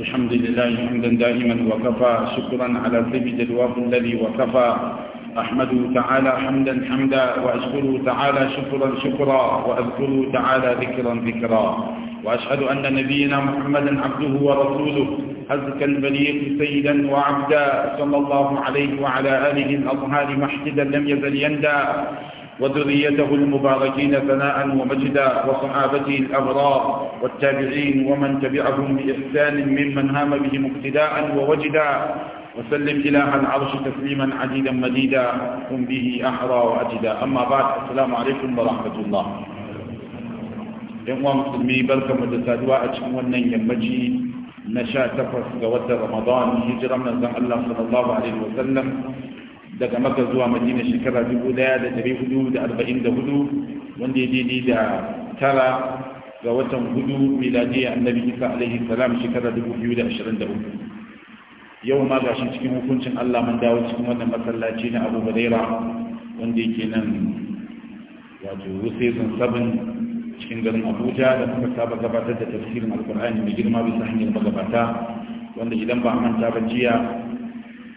الحمد لله حمدا دائما وكفى شكرا على سيد طيب الواب الذي وكفى أحمده تعالى حمدا حمدا وأشكره تعالى شكرا شكرا وأذكره تعالى ذكرا ذكرا وأشهد أن نبينا محمدا عبده ورسوله أزكى البليق سيدا وعبدا صلى الله عليه وعلى آله الأطهار محددا لم يزل يندى وذريته المباركين ثناء ومجدا وصحابته الأبرار والتابعين ومن تبعهم بإحسان ممن هام بهم اقتداء ووجدا وسلم إله العرش تسليما عديدا مديدا هم به أحرى وأجدا أما بعد السلام عليكم ورحمة الله يوم أمم سلمي بركة mu da saduwa يمجي cikin wannan رمضان na sha الله صلى الله عليه وسلم daga maka zuwa madina shekara dubu da da da arba'in hudu. wanda ya daidai da tara ga watan hudu miladiyya annabi isa alaihi salam shekara dubu biyu da da ashirin 2023 yau ma gashi cikin hukuncin allah man dawo cikin wannan masallaci na abu badaira wanda yake nan wato wusaisun sabon cikin garin abuja da kuma saba gabatar da tafsirin alkur'ani mai girma bisa hanyar magabata wanda idan ba a manta ba jiya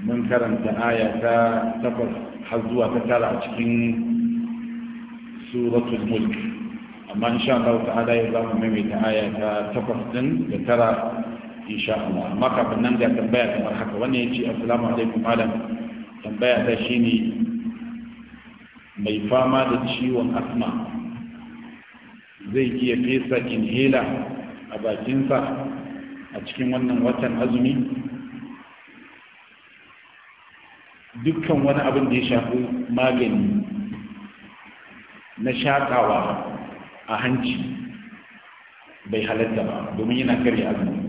mun karanta aya ta takwas har zuwa ta tara a cikin suratul mulk amma insha Allah ta'ala ya zamu maimaita aya ta takwas din da tara insha Allah amma kafin nan ga tambaya kamar haka ya ce assalamu alaikum malam tambaya ta shine mai fama da ciwon asma zai iya fesa inhaler a bakinsa a cikin wannan watan azumi dukkan wani abin da ya shafi magani na shaƙawa a hanci bai halatta ba domin yana karya azumi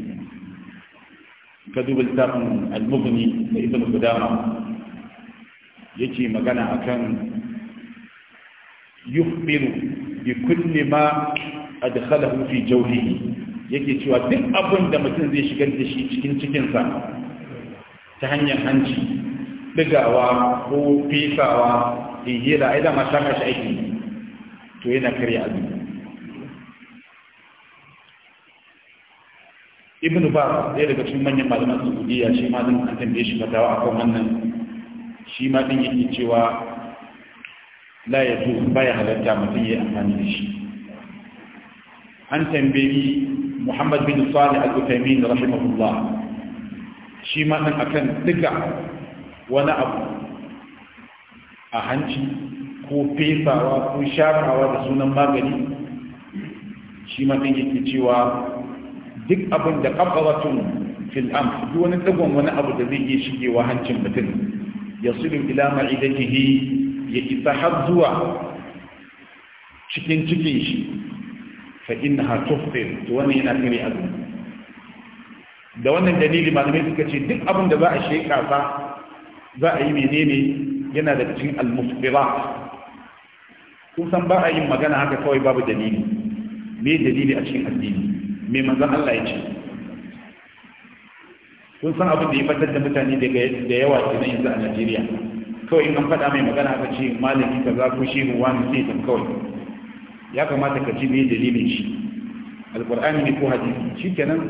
ka duba littafin al-mughni da ibn qudama yake magana akan yukhbiru bi kulli ma adkhalahu fi jawhihi yake cewa duk abin da mutum zai shigar da shi cikin cikinsa ta hanyar hanci digawa ko fisawa hihila ai dama ta shi aiki to yana karya azumi ibn ba ɗaya daga cikin manyan malaman saudiya shi ma din an tambaye shi fatawa akan wannan shi ma din yake cewa la ya zo baya halatta mutum ya amfani da shi an tambayi muhammad bin salih al-utaimin rahimahullah shi ma din akan duka wani abu a hanci ko fesawa ko shafawa da sunan magani shi matan yake cewa duk abin da kafaratun fil filam duk wani dagon wani abu da zai iya shigewa hancin mutum ya sulu ila ma'idatihi ya isa har zuwa cikin cikin shi fa innaha tuftir to wannan yana kare azumi da wannan dalili malamai suka ce duk abin da za a sheka ba za a yi menene yana da cikin al-musbirat kun san ba a yin magana haka kawai babu dalili me dalili a cikin addini me manzon Allah ya ce kun san abin da ya fatar da mutane da yawa kenan yanzu a Najeriya kawai in an faɗa mai magana haka ce malami kaza ko shehu wani sai ta kawai ya kamata ka ji me dalilin shi alqur'ani ne ko hadisi shikenan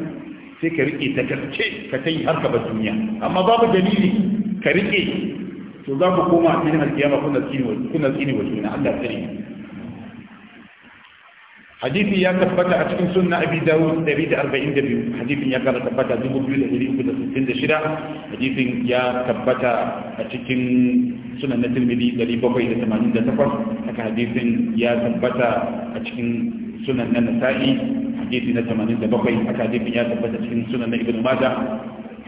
sai ka rike ta karce ka tai harka ka duniya amma babu dalili ka rike to za ku koma a cikin alkiyama kuna tsini kuna tsini wa juna Allah tsare hadisi ya tabbata a cikin sunna abi dawud 142 hadisin ya kara tabbata 2366 hadisin ya tabbata a cikin sunan na tirmidhi 788 haka hadisin ya tabbata a cikin sunan na nasa'i hadisi na 87 haka hadisin ya tabbata a cikin sunan na ibnu majah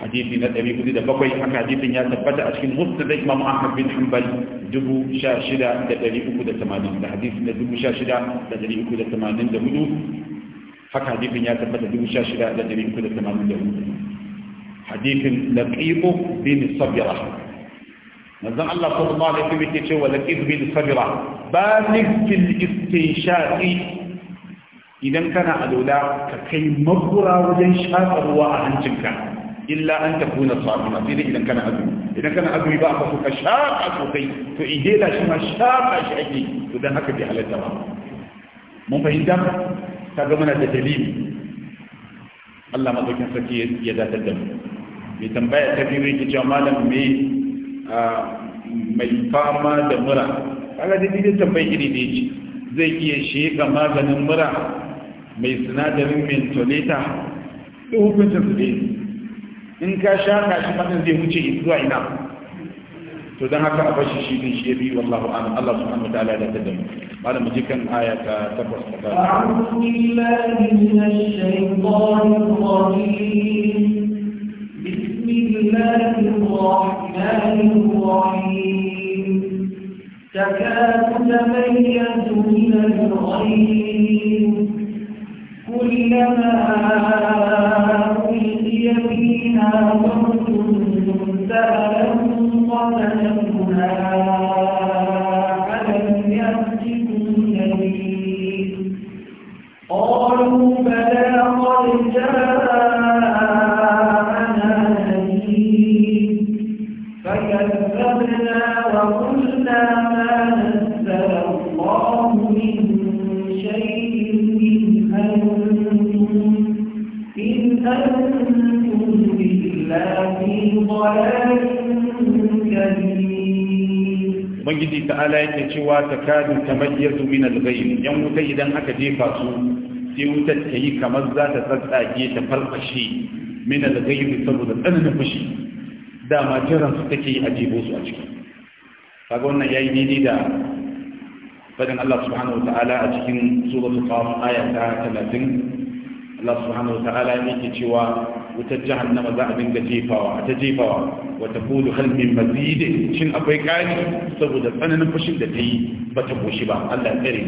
حديث نات ابي بريده باكاي خا حديث نيا تبدا اشكين مسلم امام محمد بن حنبل دبو شاشدة دبي بكو ده 80 ده حديث نات دبو شاشدا دبي بكو ده 80 ده حديث نيا تبدا دبو شاشدا دبي بكو ده 80 حديث لقيط بن صبره نزل الله صلى الله عليه وسلم يتيجه بن صبره بالغ في الاستنشاق إذا كان أدولا كي مبرا وجن شاق عن أهنجن illa an takuna sabima sai dai idan kana azumi idan kana azumi ba a kasu ka shaƙa sosai to in ihela shi ma shaƙa shi ake to don haka bai halatta ba mun fahimta ta ga mana da dalili Allah madaukin saki ya datar da mu mai tambaya ta biyu yake cewa malam me mai fama da mura kaga dai dai tambayi iri ne zai iya sheka maganin mura mai sinadarin mentolata duk hukuncin su ne in ka shaka shi fadin zai wuce zuwa ina to dan haka a bashi shi din shi bi wallahu an Allah subhanahu wa ta'ala da ta tadamu malam mu ji kan aya ta takwas ta ba a'udhu billahi minash shaitanir rajim bismillahir rahmanir rahim تكاد تميز من الغيظ كلما ألقي فيها موت سألهم قتلتها يأتكم نذير قالوا بلى ubangiji ta'ala yake cewa ta ta tamayyazu min al-ghayb yan wuta idan aka jefa su sai wuta ta yi kamar za ta tsatsage ta farfashe min al-ghayb saboda tsananin fushi dama jiran su take yi a jebo su a ciki kaga wannan yayi daidai da fadin Allah subhanahu ta'ala a cikin suratul qaf aya ta 30 Allah subhanahu ta'ala yake cewa wutar jahannama za a dinga jefawa A ta jefawa wata kulu hal min mazidin shin akwai kari saboda tsananin fashin da ta yi ba ta goshi ba Allah ya tsare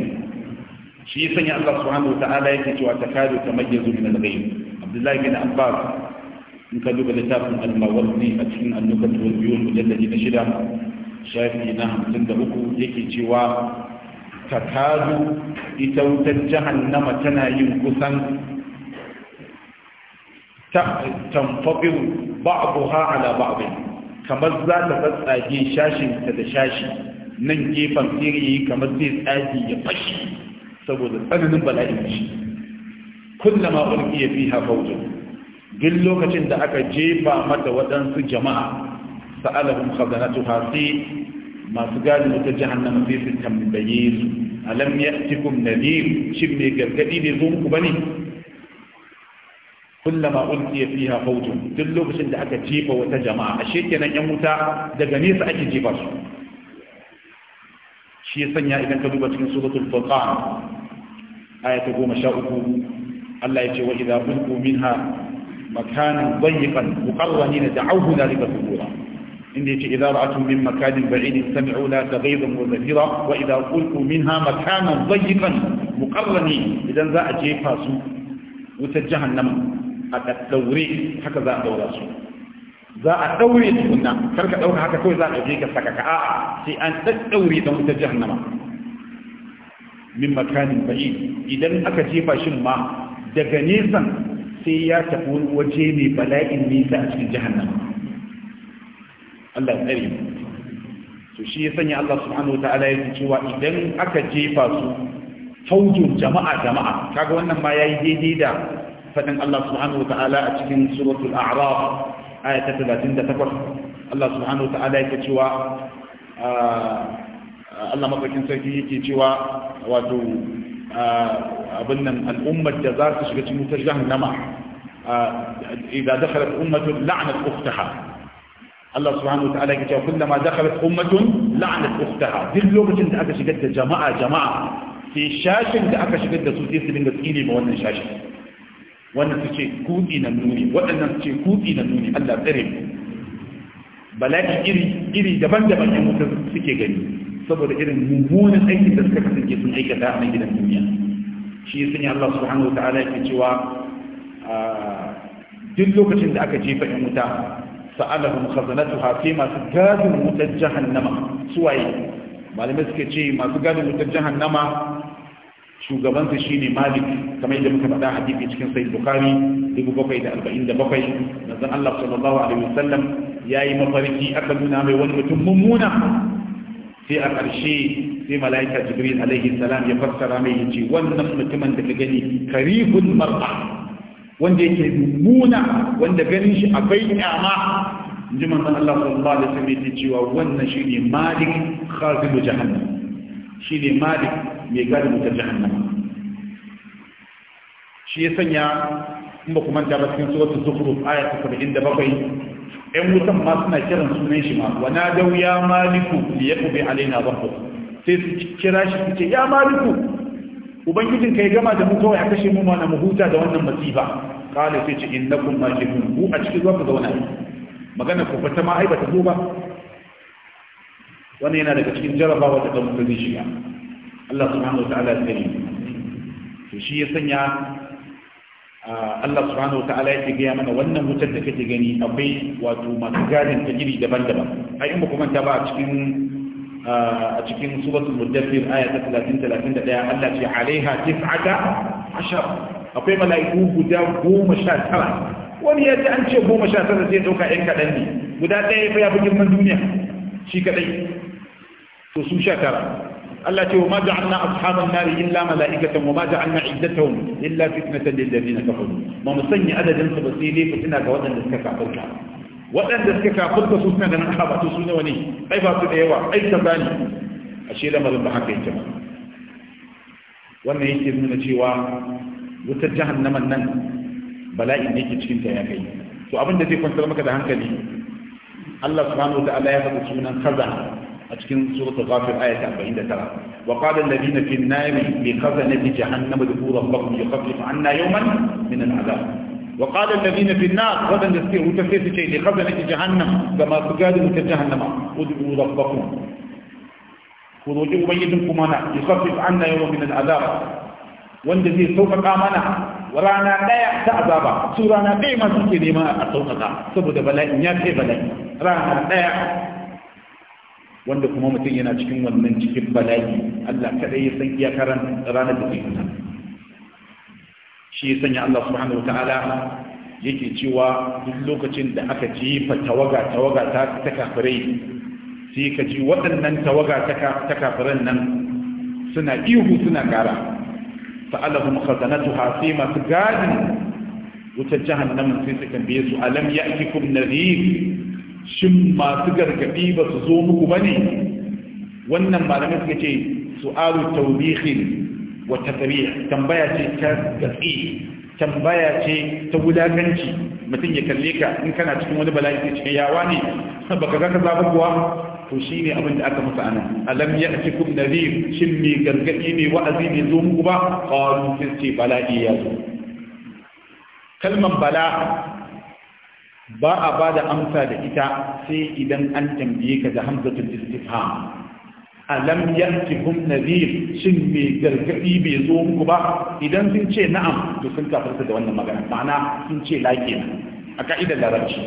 shi ya sanya Allah subhanahu wataala yake cewa ta kare ta mayyazu min al-ghayb Abdullahi bin Abbas in ka duba littafin al-Mawardi a cikin annukat wal biyun mujalladi na shida shafi na hamsin da uku yake cewa ta kadu ita wutar jahannama tana yin kusan tamfabiru ba'daha ala ba'd kamar za ta tsatsage shashin da shashi nan gefen tsiri kamar zai tsage ya fashi saboda tsananin bala'in shi kullama ulqiya fiha fawjun duk lokacin da aka jefa mata waɗansu jama'a sa'alahum khazanatuha sai masu gadi wata jahannama zai su tambaye su alam cikin nadir shin mai gargadi ne zo muku bane kullama ulqiya fiha fawjun duk lokacin da aka jefa wata jama'a ashe kenan yan wuta daga nesa ake jefa su shi ya sanya idan ka duba cikin suratul furqan aya ta goma sha uku Allah ya ce wa idza ulqu minha makanan dayyiqan muqarranin da'awhu dhalika thubura inda yace idza ra'atum min makanin ba'idin sami'u la taghayzan wa zafira wa idza ulqu minha makanan dayyiqan muqarranin idan za a jefa su wutar jahannama a daddaure haka za a daura su za a daure tukunna kar ka dauka haka kawai za a dauke ka saka ka a'a sai an daddaure don ita jahannama min makanin ba'id idan aka jefa shin ma daga nesan sai ya tafi wani waje mai bala'in nisa a cikin jahannama Allah ya tsare to shi ya sanya Allah subhanahu wa ta'ala yake cewa idan aka jefa su faujin jama'a jama'a kaga wannan ma yayi daidai da فدن الله سبحانه وتعالى أتكين سورة الأعراف آية 38 الله سبحانه وتعالى كتشوا آه، الله مطلقين سيكي يكتوى واتو آه، أبنى الأمة جزار تشغل تشغل جهنما آه، إذا دخلت أمة لعنت أختها الله سبحانه وتعالى كتشوا كلما دخلت أمة لعنت أختها دي اللغة انت أكشفت جماعة جماعة في الشاشة انت قد سوتيس من تسئيلي موانا الشاشة wannan su ce kutsi na nuni waɗannan su ce kutsi na nuni Allah tsere mu bala'i iri daban-daban yan wuta suke gani saboda irin mummunan aikin da suka kasance sun aikata a gidan duniya shi sun yi Allah subhanahu wa ta'ala yake cewa ah, duk lokacin da aka jefa yan wuta sa'alahum khazanatuha hafi masu gadin wutar jahannama suwaye malamai suke ce masu gadin wutar jahannama shugabansa shi ne malik kamar yadda muka faɗa hadisi cikin sahih bukhari 747 manzon Allah sallallahu alaihi wasallam yi mafarki aka nuna mai wani mutum mummuna sai a ƙarshe sai mala'ika jibril alaihi salam ya fassara mai yace wannan mutumin da ka gani karibul mar'a wanda yake mummuna wanda ganin shi akwai kyama inji manzon Allah sallallahu alaihi wasallam yace cewa wannan shi ne malik khazil jahannam shi ne malik mai gadi mutar jahannama shi ya sanya in ba kuma ba cikin suratul zukhruf aya ta bakwai. ‘yan wutan ma suna kiran sunan shi ma wana dau ya maliku da ya alaina bakwai sai su kira shi su ce ya maliku ubangijin ka ya gama da mu kawai a kashe mu mana mu huta da wannan masifa Kale sai ce in na kun malikun ku a cikin zuwa ku zauna magana ku fata ma aibata zo ba wannan yana daga cikin jarabawa da kan zai shiga Allah subhanahu wataala ya sani to shi ya sanya Allah subhanahu wataala ya gaya mana wannan wutar da kake gani akwai wato masu gadin ta iri daban-daban ai in ba kuma ta ba a cikin a cikin suratul mudaffir aya ta 30 31 Allah ce alaiha tis'ata ashar akwai mala'iku guda goma sha tara. wani ya ce an ce goma sha 19 sai dauka ɗan kaɗan ne guda ɗaya ya fi girman duniya shi kaɗai to su sha tara Allah ce wa ma ja'alna ashaban nari illa mala'ikatan wa ma ja'alna iddatahum illa fitnatan lil ladina kafaru ma musanya adadin su basiri fitina ga waɗanda suka kafirta waɗanda suka kafirta su suna ganin ahaba to su nawa ne ai ba su da yawa ai kaza ne ashe lamarin ba haka yake ba wannan yake nuna cewa wutar jahannaman nan bala'in ne ke cikin ta ya kai to abin da zai kwantar maka da hankali Allah subhanahu wa ta'ala ya faɗi sunan kaza أتكلم سورة الغافر آية 49 وقال الذين في النار لخزنة جهنم دفور الله يخفف عنا يوما من العذاب وقال الذين في النار غدا يستير لخزنة جهنم كما تقال متجهنم ادعوا ربكم خذوا يبينكم انا يخفف عنا يوما من العذاب والذي سوف قامنا ورانا لا يأتى عذابا سورانا بما تكلم أتوقع سبب بلاء يأتي بلاء رانا لا wanda kuma mutum yana cikin wannan cikin bala'i Allah kadai ya san iyakar ranar da zai fita shi ya sanya Allah subhanahu wataala yake cewa duk lokacin da aka jefa tawaga tawaga ta ta kafirai sai ka ji waɗannan tawaga ta kafiran nan suna ihu suna kara fa'alahum khazanatuha sai masu gadin wutar jahannam sai su tambaye su alam ya'tikum nadhir shin masu gargaɗi ba su zo muku ba ne wannan malamai suka ce su'alu taurihin wa tasariya tambaya ce ta gatsi tambaya ce ta wulaganci mutum ya kalle ka in kana cikin wani bala'i ke cikin yawa ne baka ga ka zaba kuwa to shine abin da aka musu anan alam ya'tikum nadhir shin mai gargadi ne wa'azi mai zo muku ba sun ce bala'i ya zo kalman bala ba a ba da amsa da ita sai idan an tambaye ka da hamzatul istifham alam yatihum nadhir shin me gargadi bai zo muku ba idan sun ce na'am to sun kafarta da wannan magana ma'ana sun ce la na. a ka'idar larabci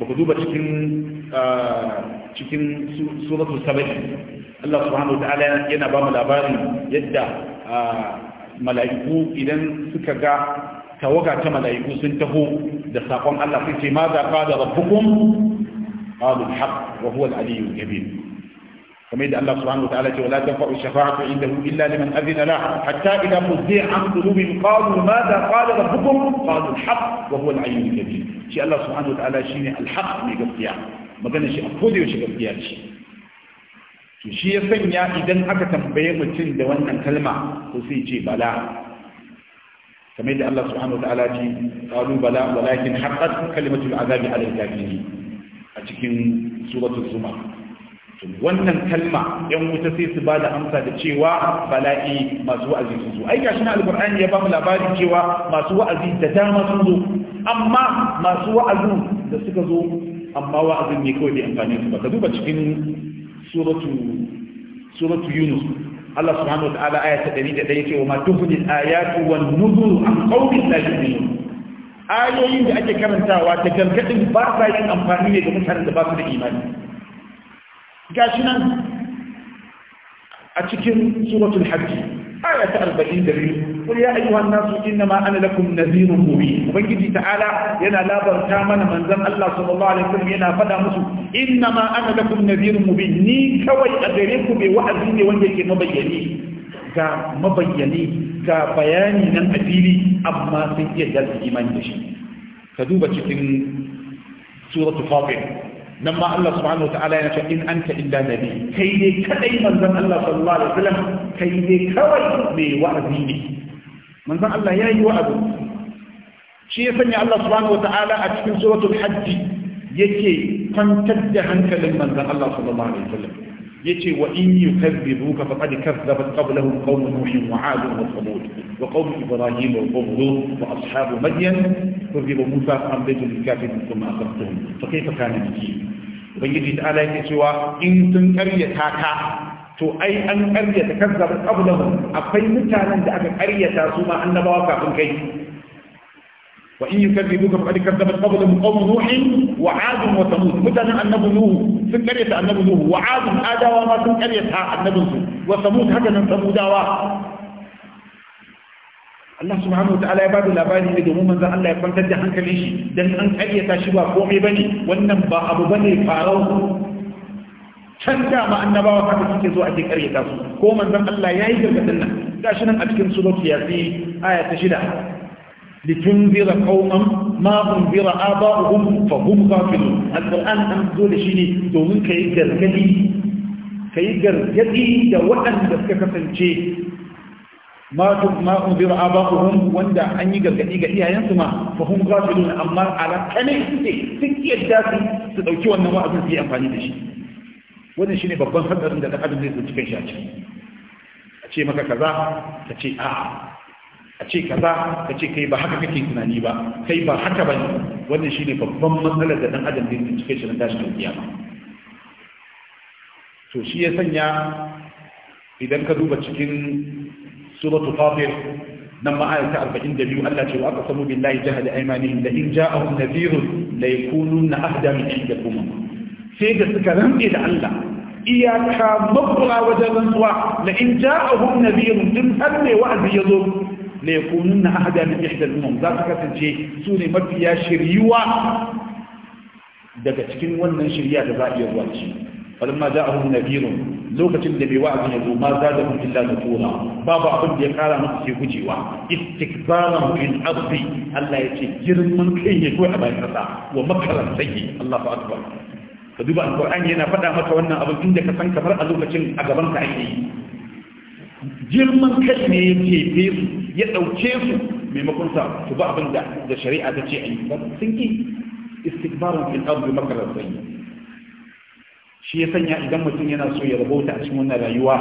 ba ku duba cikin ah, cikin suratul sabai Allah subhanahu wa yana ba mu labarin yadda ah, mala'iku idan suka ga tawaga ta mala'iku sun taho da sakon Allah sun ce ma za ka da rabbukum qalu alhaq wa huwa al-aliyyu Allah subhanahu wata'ala ce wala tanfa'u shafa'atu indahu illa liman adhina la hatta idha fuzi'a an qulubihim qalu ma za ka da rabbukum qalu alhaq wa huwa shi Allah subhanahu wata'ala shine alhaq mai gaskiya magana shi a kodai yaushe gaskiya ce to ya sanya idan aka tambaye mutum da wannan kalma to sai ce bala kamar yadda Allah subhanahu wataala ce qalu bala walakin haqqat kalimatul azabi ala al a cikin suratul zumar wannan kalma yan wuta sai su bada amsa da cewa bala'i masu wa'azi sun zo ai gashi na alqur'ani ya ba mu labarin cewa masu wa'azi da dama sun zo amma masu wa'azin da suka zo amma wa'azin ne kawai da amfani su ba ka duba cikin suratu suratu yunus Allah subhanahu wataala aya ta 101 ce wa ma tuhni ayatu wan nuzur an qawmin la ayoyin da ake karantawa ta gargadin ba sa yin amfani ne ga mutanen da ba su da imani gashi nan a cikin suratul hajj aya ta arba'in da biyu kul ya ayyuhan nasu innama ana lakum nadhirun mubin ubangiji ta'ala yana labarta mana manzon Allah sallallahu alaihi wasallam yana faɗa musu innama ana Naziru nadhirun mubin ni kawai a gare ku bai wa'azi ne wanda yake mabayyani ga mabayyani ga bayani na a fili amma sun iya dalilin imani ka duba cikin suratul fatir nan ma Allah subhanahu wataala ya ce in anta illa nabi kai ne kadai manzon Allah sallallahu alaihi wasallam kai ne kawai me wa'azi ne manzon Allah ya yi wa'azi shi ya sanya Allah subhanahu wataala a cikin suratul hajj yake kwantar da hankalin manzon Allah sallallahu alaihi wasallam yace wa in yukazzibuka faqad kazzabat qablahum qawm nuh wa 'ad wa thamud wa qawm ibrahim wa qawm lut wa ashabu madyan kuzzibu musa fa amdatu lil kafirin thumma aqartuhum fa kayfa kana nakir ubangiji ta'ala yake cewa in sun karyata ka to ai an karyata kazzabat qablahum akwai mutanen da aka karyata su ma annabawa kafin kai وإن يكذبوك فقد كذبت قبلهم قوم نوح وعاد وثمود متنا النبي نوح في قرية النبي نوح وعاد آدى وما في قرية النبي نوح وثمود هكذا ثمود Allah subhanahu wa ta'ala ya bada labari ne domin manzon Allah ya kwantar da hankalin shi dan an ƙaryata shi ba komai bane wannan ba abu bane farau can da ma annabawa haka suke zo a cikin ƙaryata su ko manzon Allah ya yi gargadin nan a cikin suratul aya ta shida litunzira qauman ma unzira aba'uhum fa hum ghafilun alquran an zo da shi domin kai gargadi gargadi da waɗanda suka kasance ma ma unzira aba'uhum wanda an yi gargadi ga iyayensu ma fa hum ghafilun amma ala suke sun yadda su dauki wannan wa'azin su yi amfani da shi wannan shine babban hadarin da dan adam zai tsinci shi a ciki a ce maka kaza ka ce a'a a ce kaza ka ce kai ba haka kake tunani ba kai ba haka ba ne wannan shine babban matsalar da dan adam da cikin shi na tashin kiyama to shi ya sanya idan ka duba cikin suratul fatir nan ma'ayar ta 42 Allah ce wa aka samu billahi jahada aymanihim la in ja'ahum nadhirun la yakununna ahda min indakum sai da suka rantse da Allah iyaka mabura wajen rantsuwa la in ja'ahum nadhirun din har ne wa'azi yazo la yakununna ahada min ihda al-umam za su kasance su ne mafiya shiriwa daga cikin wannan shirya da za a iya zuwa ci falamma ja'ahum nadhirun lokacin da bai wa'azi ne zo ma za mu kun illa nufura babu abin da ya kara masa ke gujewa istikbaran fil ardi Allah ya ce girman kai ne kawai a bayan kasa wa makaran sayyi Allah fa akbar ka duba alquran yana faɗa maka wannan abin tun da ka san kamar a lokacin a gaban ka ake yi girman kai ne yake fesu ya ɗauke su maimakon sa su ba abin da shari'a ta ce a yi ba sun ki istikbarun fil ardi makarar shi ya sanya idan mutum yana so ya rabauta a cikin wannan rayuwa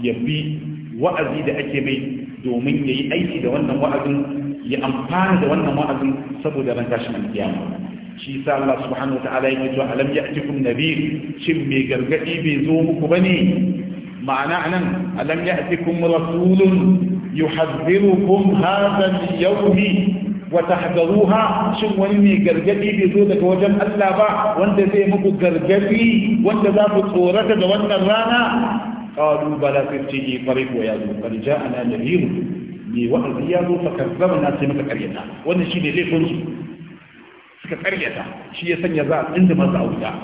ya bi wa'azi da ake mai domin ya yi aiki da wannan wa'azin ya amfana da wannan wa'azin saboda ran tashin alkiyama shi sa Allah subhanahu wata'ala yake cewa alam ya'tikum nabir shin mai gargadi bai zo muku bane ma'ana anan alam ya'tikum rasulun yuhadhdhirukum hadha al-yawm wa tahdharuha shin wani ne gargadi bai zo daga wajen Allah ba wanda zai muku gargadi wanda za ku tsorata da wannan rana qalu bala fitti fariq wa yadu qad ja'ana nadhir ni wa al-yadu fakazzabna sai muka karyata wannan shine laifin su suka karyata shi ya sanya za a inda masu auta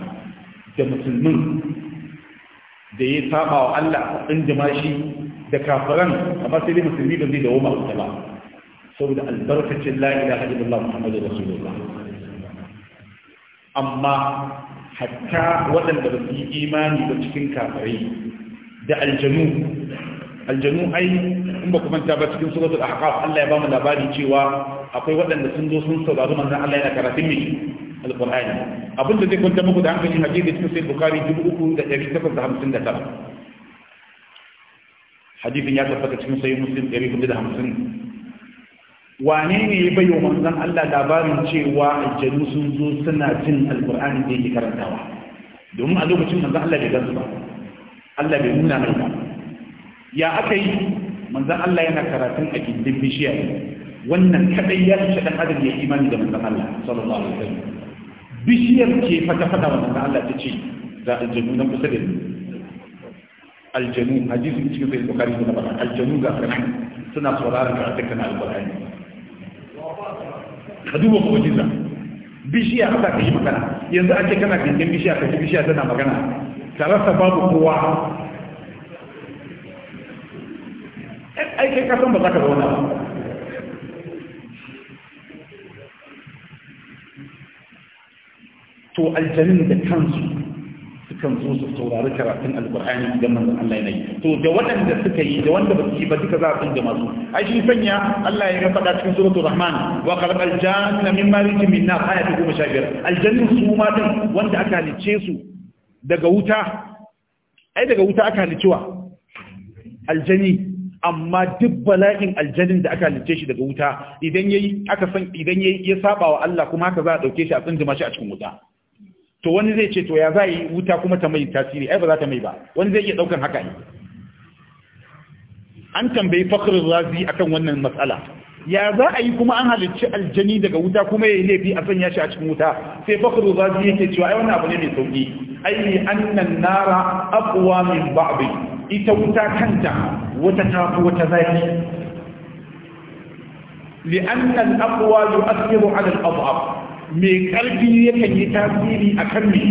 da musulmin da ya saba wa Allah tsindima shi da kafaran amma sai dai musulmi ba zai dawo ma wuta ba saboda albarkacin la ilaha illallah muhammadu rasulullah amma hatta waɗanda ba su yi imani ba cikin kafarai da aljanu aljanu ai in ba kuma ta ba cikin suratul ahqaf Allah ya ba mu labari cewa akwai waɗanda sun zo sun saurari manzon Allah yana karatun mai alqur'ani abin da zai kwanta muku da hankali hadisi cikin hamsin da 3859 hadisin ya tabbata cikin sai muslim 450 wane ne ya bai wa Allah labarin cewa aljanu sun zo suna jin alqur'ani da yake karantawa domin a lokacin manzon Allah bai gansu ba Allah bai nuna mai ba ya aka yi manzon Allah yana karatun a gindin bishiya wannan kadai ya fi dan adam ya imani da manzon Allah sallallahu alaihi wasallam bishiyar ce fata fata wa manzon Allah ta ce za aljanu nan kusa da ni aljanu hadisi cikin sai bukari da bana aljanu ga kana suna sauraron karatun kana alqur'ani ka ko mu'jiza bishiya aka ka yi magana yanzu ake kana kankan bishiya ka ji bishiya tana magana tarasa babu kowa ai kai ka san ba za ka zauna ba to aljanin da kansu kan zo su saurari karatun alkur'ani idan manzon Allah ya yi to da waɗanda suka yi da wanda ba su yi ba duka za a san jama'a su ai shi sanya Allah ya faɗa cikin suratul rahman wa khalaqal janna min marij min nar ayat 15 aljannu su ma din wanda aka halice su daga wuta ai daga wuta aka wa aljani amma duk bala'in aljanin da aka halice shi daga wuta idan yayi aka san idan yayi ya saba wa Allah kuma haka za a dauke shi a tsinda shi a cikin wuta to wani zai ce to ya za yi wuta kuma ta mai tasiri ai ba za ta mai ba wani zai iya daukan haka ne an tambayi fakhr razi akan wannan matsala ya za a yi kuma an halicci aljani daga wuta kuma ya yi laifi a sanya shi a cikin wuta sai fakhr razi yake cewa ai wannan abu ne mai sauki ai annan nara aqwa min ba'd ita wuta kanta wata tafi wata zafi لأن الأقوى يؤثر على الأضعف mai karfi yakan yi tasiri akan mai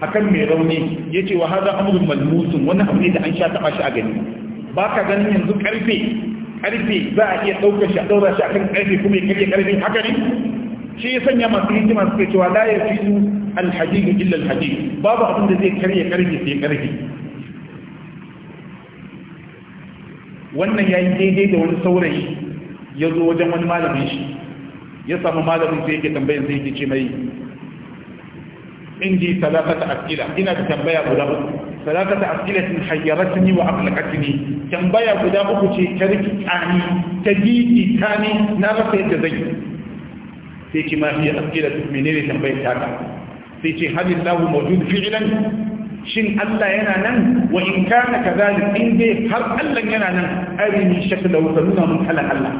kan mai rauni ce wa haza amurin malmusun Wani abu ne da an sha taba shi a gani Ba ka ganin yanzu karfe karfe za a iya ɗaukar shi a ɗaura shi akan karfe kuma ya karye karfe haka ne shi ya sanya masu hikima suka cewa la ya fi su alhajiyu illa alhajiyu babu abin da zai karye karfe sai karfe wannan ya yi daidai da wani saurayi ya zo wajen wani malamin shi ya samu malamin sai yake tambayar sai yake ce mai indi talafata asila ina da tambaya guda uku talafata asila sun ni wa aflakatni tambaya guda uku ce ta rikita ni ta gidi ta na rasa yadda zai sai ce ma hiya asila menene tambayar ta ka sai ce hadillahu mawjud fi'lan shin Allah yana nan wa in kana kadhalik in dai har Allah yana nan arini shaklahu fa nuna mun kala Allah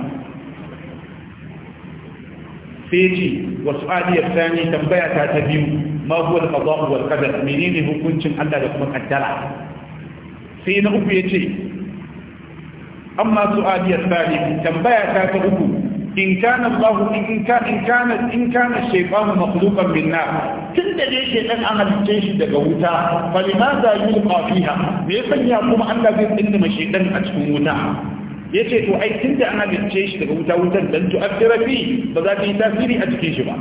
sai ce wa su'aliyar sani tambaya ta ta biyu ma huwa al-qada'u wal menene hukuncin Allah da kuma kaddara sai na uku ya ce an masu su'aliyar sani tambaya ta ta uku in kana Allah in kana in kana in kana shaytanu makhluqan min nar tunda dai shaytan an halice shi daga wuta fa limaza yulqa fiha me yasa kuma Allah zai tsinda shaytan a cikin wuta ya ce to ai tun da ana halicce shi daga wuta wutan dan tu'addira fi ba za ta yi tasiri a cikin shi ba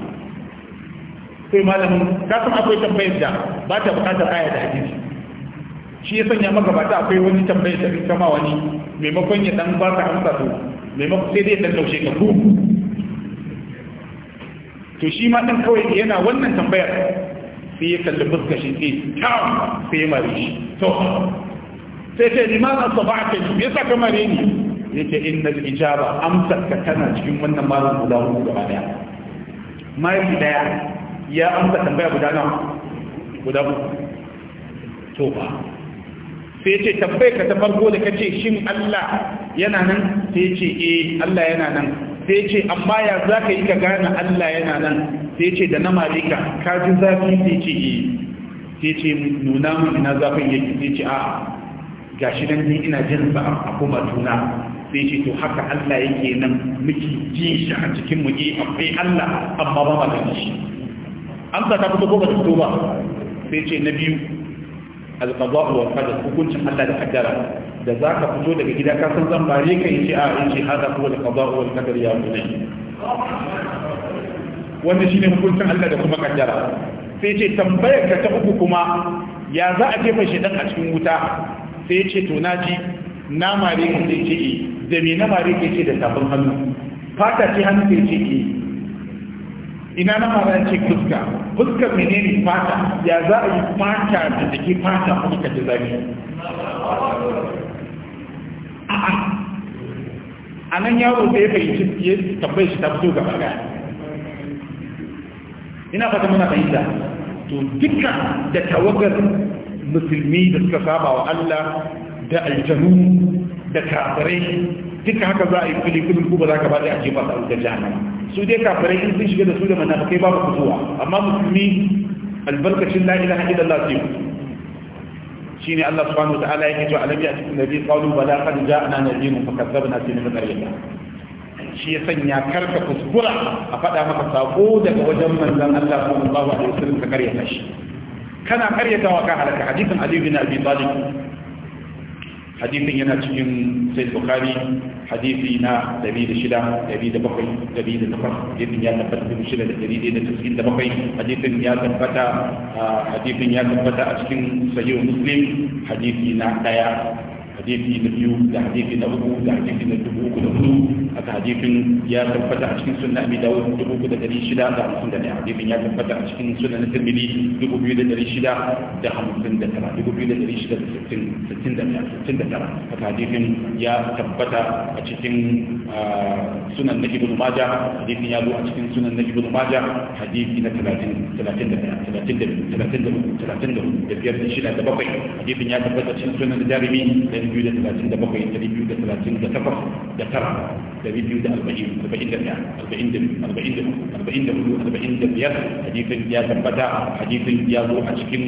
sai malamin kasan akwai tambayar da ba ta bukatar aya da hadisi shi ya sanya maka ba ta akwai wani tambayar da ta kama wani maimakon ya dan ba ta amsa to maimakon sai dai dan laushe ka ku to shi ma dan kawai yana wannan tambayar sai ya kalli fuskar shi sai ta sai ya mare shi to sai ce liman asaba'aka me yasa ka mare ni yace innal ijaba amsar ka tana cikin wannan malam guda uku gaba daya mai daya ya amsa tambaya guda nan guda uku to ba sai ce tabbai ka ta farko da kace shin Allah yana nan sai ce eh Allah yana nan sai ce amma ya zaka yi ka gane Allah yana nan sai ce da na malika ka ji zafi sai ce eh sai ce nuna mu ina zafin yake sai ce a gashi nan ni ina jin ba a kuma tuna sai ce to haka Allah yake nan miki jin shi a cikin mu eh akwai Allah amma ba ma da shi an ta fito ko ba ta fito ba sai ce na biyu alqada wa qadar hukuncin Allah da kaddara da zaka fito daga gida ka san zan bare ka yace a ce hada ko al-qada wa qadar ya ne. wannan shine hukuncin Allah da kuma kaddara sai ce tambayar ka ta uku kuma ya za a jefa shi dan a cikin wuta sai ce to naji na mare ka sai ce eh. da na mare ke ce da tafin hannu fata ce hannu ke ce ke ina na mara ce fuska fuska menene fata ya za a yi fata da take fata fuska da zafi a'a a nan yaro da ya fahimci ya tambaye shi ta fito gaba daya ina fata muna fahimta to duka da tawagar musulmi da suka saba wa Allah da aljanu da kafirai duka haka za a yi fili ku ba za ka ba da ake masu auta jahannama su dai kafirai in sun shiga da su da munafikai babu kuzuwa amma musulmi albarkacin la ilaha illallah sai shine Allah subhanahu wa ta'ala yake cewa alabi a cikin nabi qalu mun qad ja'ana na fa kadzabna fi nabiyina shi ya sanya karka kuskura a faɗa maka sako daga wajen manzon Allah sallallahu alaihi wasallam ka karyata shi kana karyatawa ka halaka hadisin Ali bin Abi Talib hadisin yana cikin sai bukari hadisi na 106 107 hadisin ya tabbata da shida da da da bakwai hadisin ya tabbata ah, hadithin ya tabbata a cikin sahih muslim hadisi na daya hadisi na biyu da hadisi na uku da hadisi na dubu uku da hudu haka hadisin ya tabbata a cikin sunan abi dawud dubu uku da dari shida da hamsin da ɗaya hadisin ya tabbata a cikin sunan tirmidhi dubu biyu da dari shida da hamsin da tara dubu biyu da dari shida da sittin sittin da ɗaya sittin da tara haka hadisin ya tabbata a cikin sunan na ibnu maja hadisin ya zo a cikin sunan na ibnu maja hadisi na talatin talatin da ɗaya talatin da talatin da talatin da biyar da shida da bakwai hadisin ya tabbata a cikin sunan na jarumi جودة ثلاثين ده بقى يعني جودة ثلاثين ده تفر ده ترى ده جودة أربعين أربعين دم أربعين دم أربعين دم أربعين دم أربعين دم يا حديث يا بدع حديث يا ذو أشكن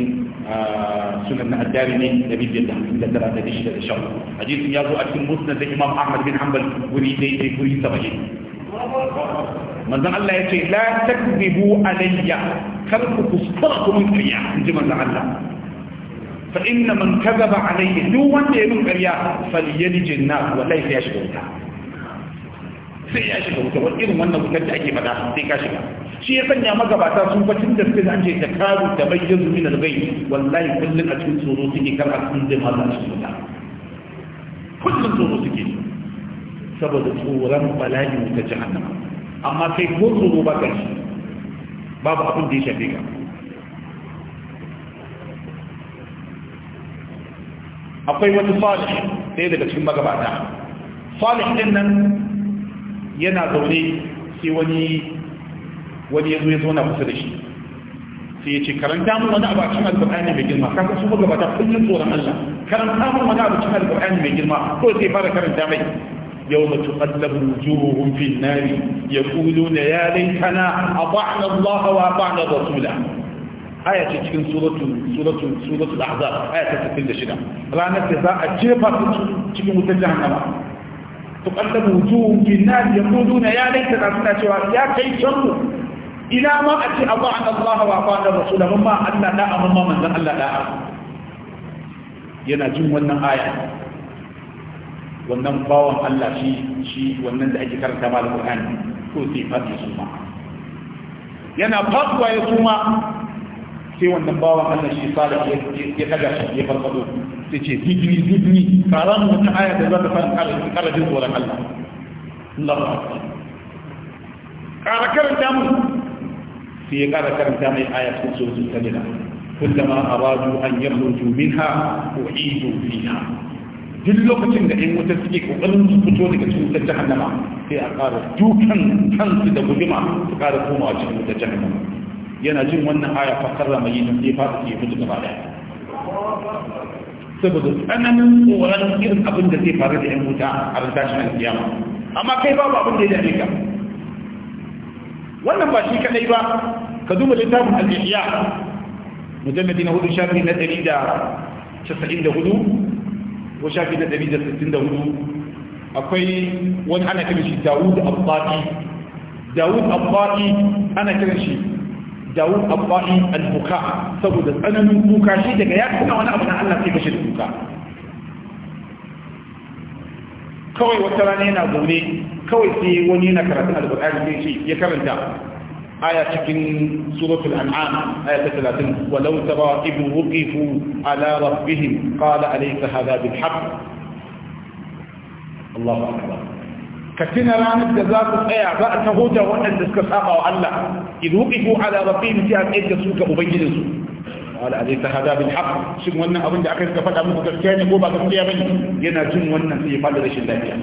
سنة الدارمي ده بيجي ده ده ترى ده بيجي ده شو حديث يا ذو أشكن مسنة الإمام أحمد بن حنبل وريدة وريدة سبعين manzon Allah ya ce la takbibu alayya kar ku kuskura ku fa inna man kadhaba alayya duk wanda ya min ƙarya falyalijin nar wallahi sai ya shiga wuta sai ya shiga wuta wani irin wannan wutar da ake faɗa sai ka shiga shi ya sanya magabata sun bacin da suka zance ta karu da bayyan min al-ghayb wallahi kullun a cikin tsoro suke kar a cikin zai mazan cikin wuta kullun tsoro suke saboda tsoron bala'i wuta jahannama amma sai ko tsoro ba ka shi babu abin da ya shafe ka akwai wani salih ɗaya daga cikin magabata salih ɗin nan yana zaune sai wani wani ya zo ya zauna kusa da shi sai ya ce karanta mun wani abu a cikin alƙur'ani mai girma kasan su magabata kullum tsoron Allah karanta mun wani abu cikin alƙur'ani mai girma ko sai fara karanta mai Yau يوم تقلب وجوههم في النار يقولون يا ليتنا أطعنا الله وأطعنا الرسول آية تكين سورة سورة سورة الأحزاب آية تكين دشنا رانا تزا أجيبها تكين متجهة نما تقلب وجوه في النار يقولون يا ليت الأسنة يا كي شر إلى ما أتي أطاعنا الله وأطاعنا الرسول مما أن لا أمم من ذا ألا لا أمم ينجم ونن آية ونن قاوم ألا شيء شيء ونن ذا أجكر كمال القرآن كوتي فاتي سمع ينا فاتوا يسمع sai wannan bawan Allah shi fara ya daga shi ya farfado sai ce zidni zidni karan wata aya da za ta fara kara jin tsoron Allah Allahu akbar kara karanta mu sai ya kara karanta mai aya cikin suratul sajda kullama aradu an yakhruju minha u'idu fiha duk lokacin da ‘yan wuta suke ƙoƙarin su fito daga cikin wutar jahannama sai a ƙara dukan kansu da guduma su ƙara komawa cikin wutar jahannama yana jin wannan aya fa karrama yin ne fa ke mutu gaba daya saboda tsananin tsoron irin abin da zai faru da yan wuta a rantashin alkiyama amma kai babu abin da ya dame ka wannan ba shi kadai ba ka duba littafin al-ihya mujalladi na hudu shafi na ɗari da casa'in da hudu ko shafi na ɗari da sittin da hudu akwai wani ana kiran shi dawud abbaqi dawud abbaqi ana kiran shi داود الضائي البكاء سبب أنا من بكاء شيء تجاهك أنا وأنا أبناء الله في بشر البكاء كوي وترانينا دوني كوي سي ونينا كرتنا القرآن في شيء يكرر آية شكين سورة الأنعام آية 30 ولو ترى إذ وقفوا على ربهم قال عليك هذا بالحق الله أكبر ka tuna ranar da za ku tsaya za a taho da waɗanda suka saba wa Allah idu iku ala rabbihim fi an da su ga ubangijin su wala alai ta hada bil haqq shin wannan abin da aka ka faɗa muku gaskiya ne ko ba gaskiya bane yana jin wannan sai ya fada rashin lafiya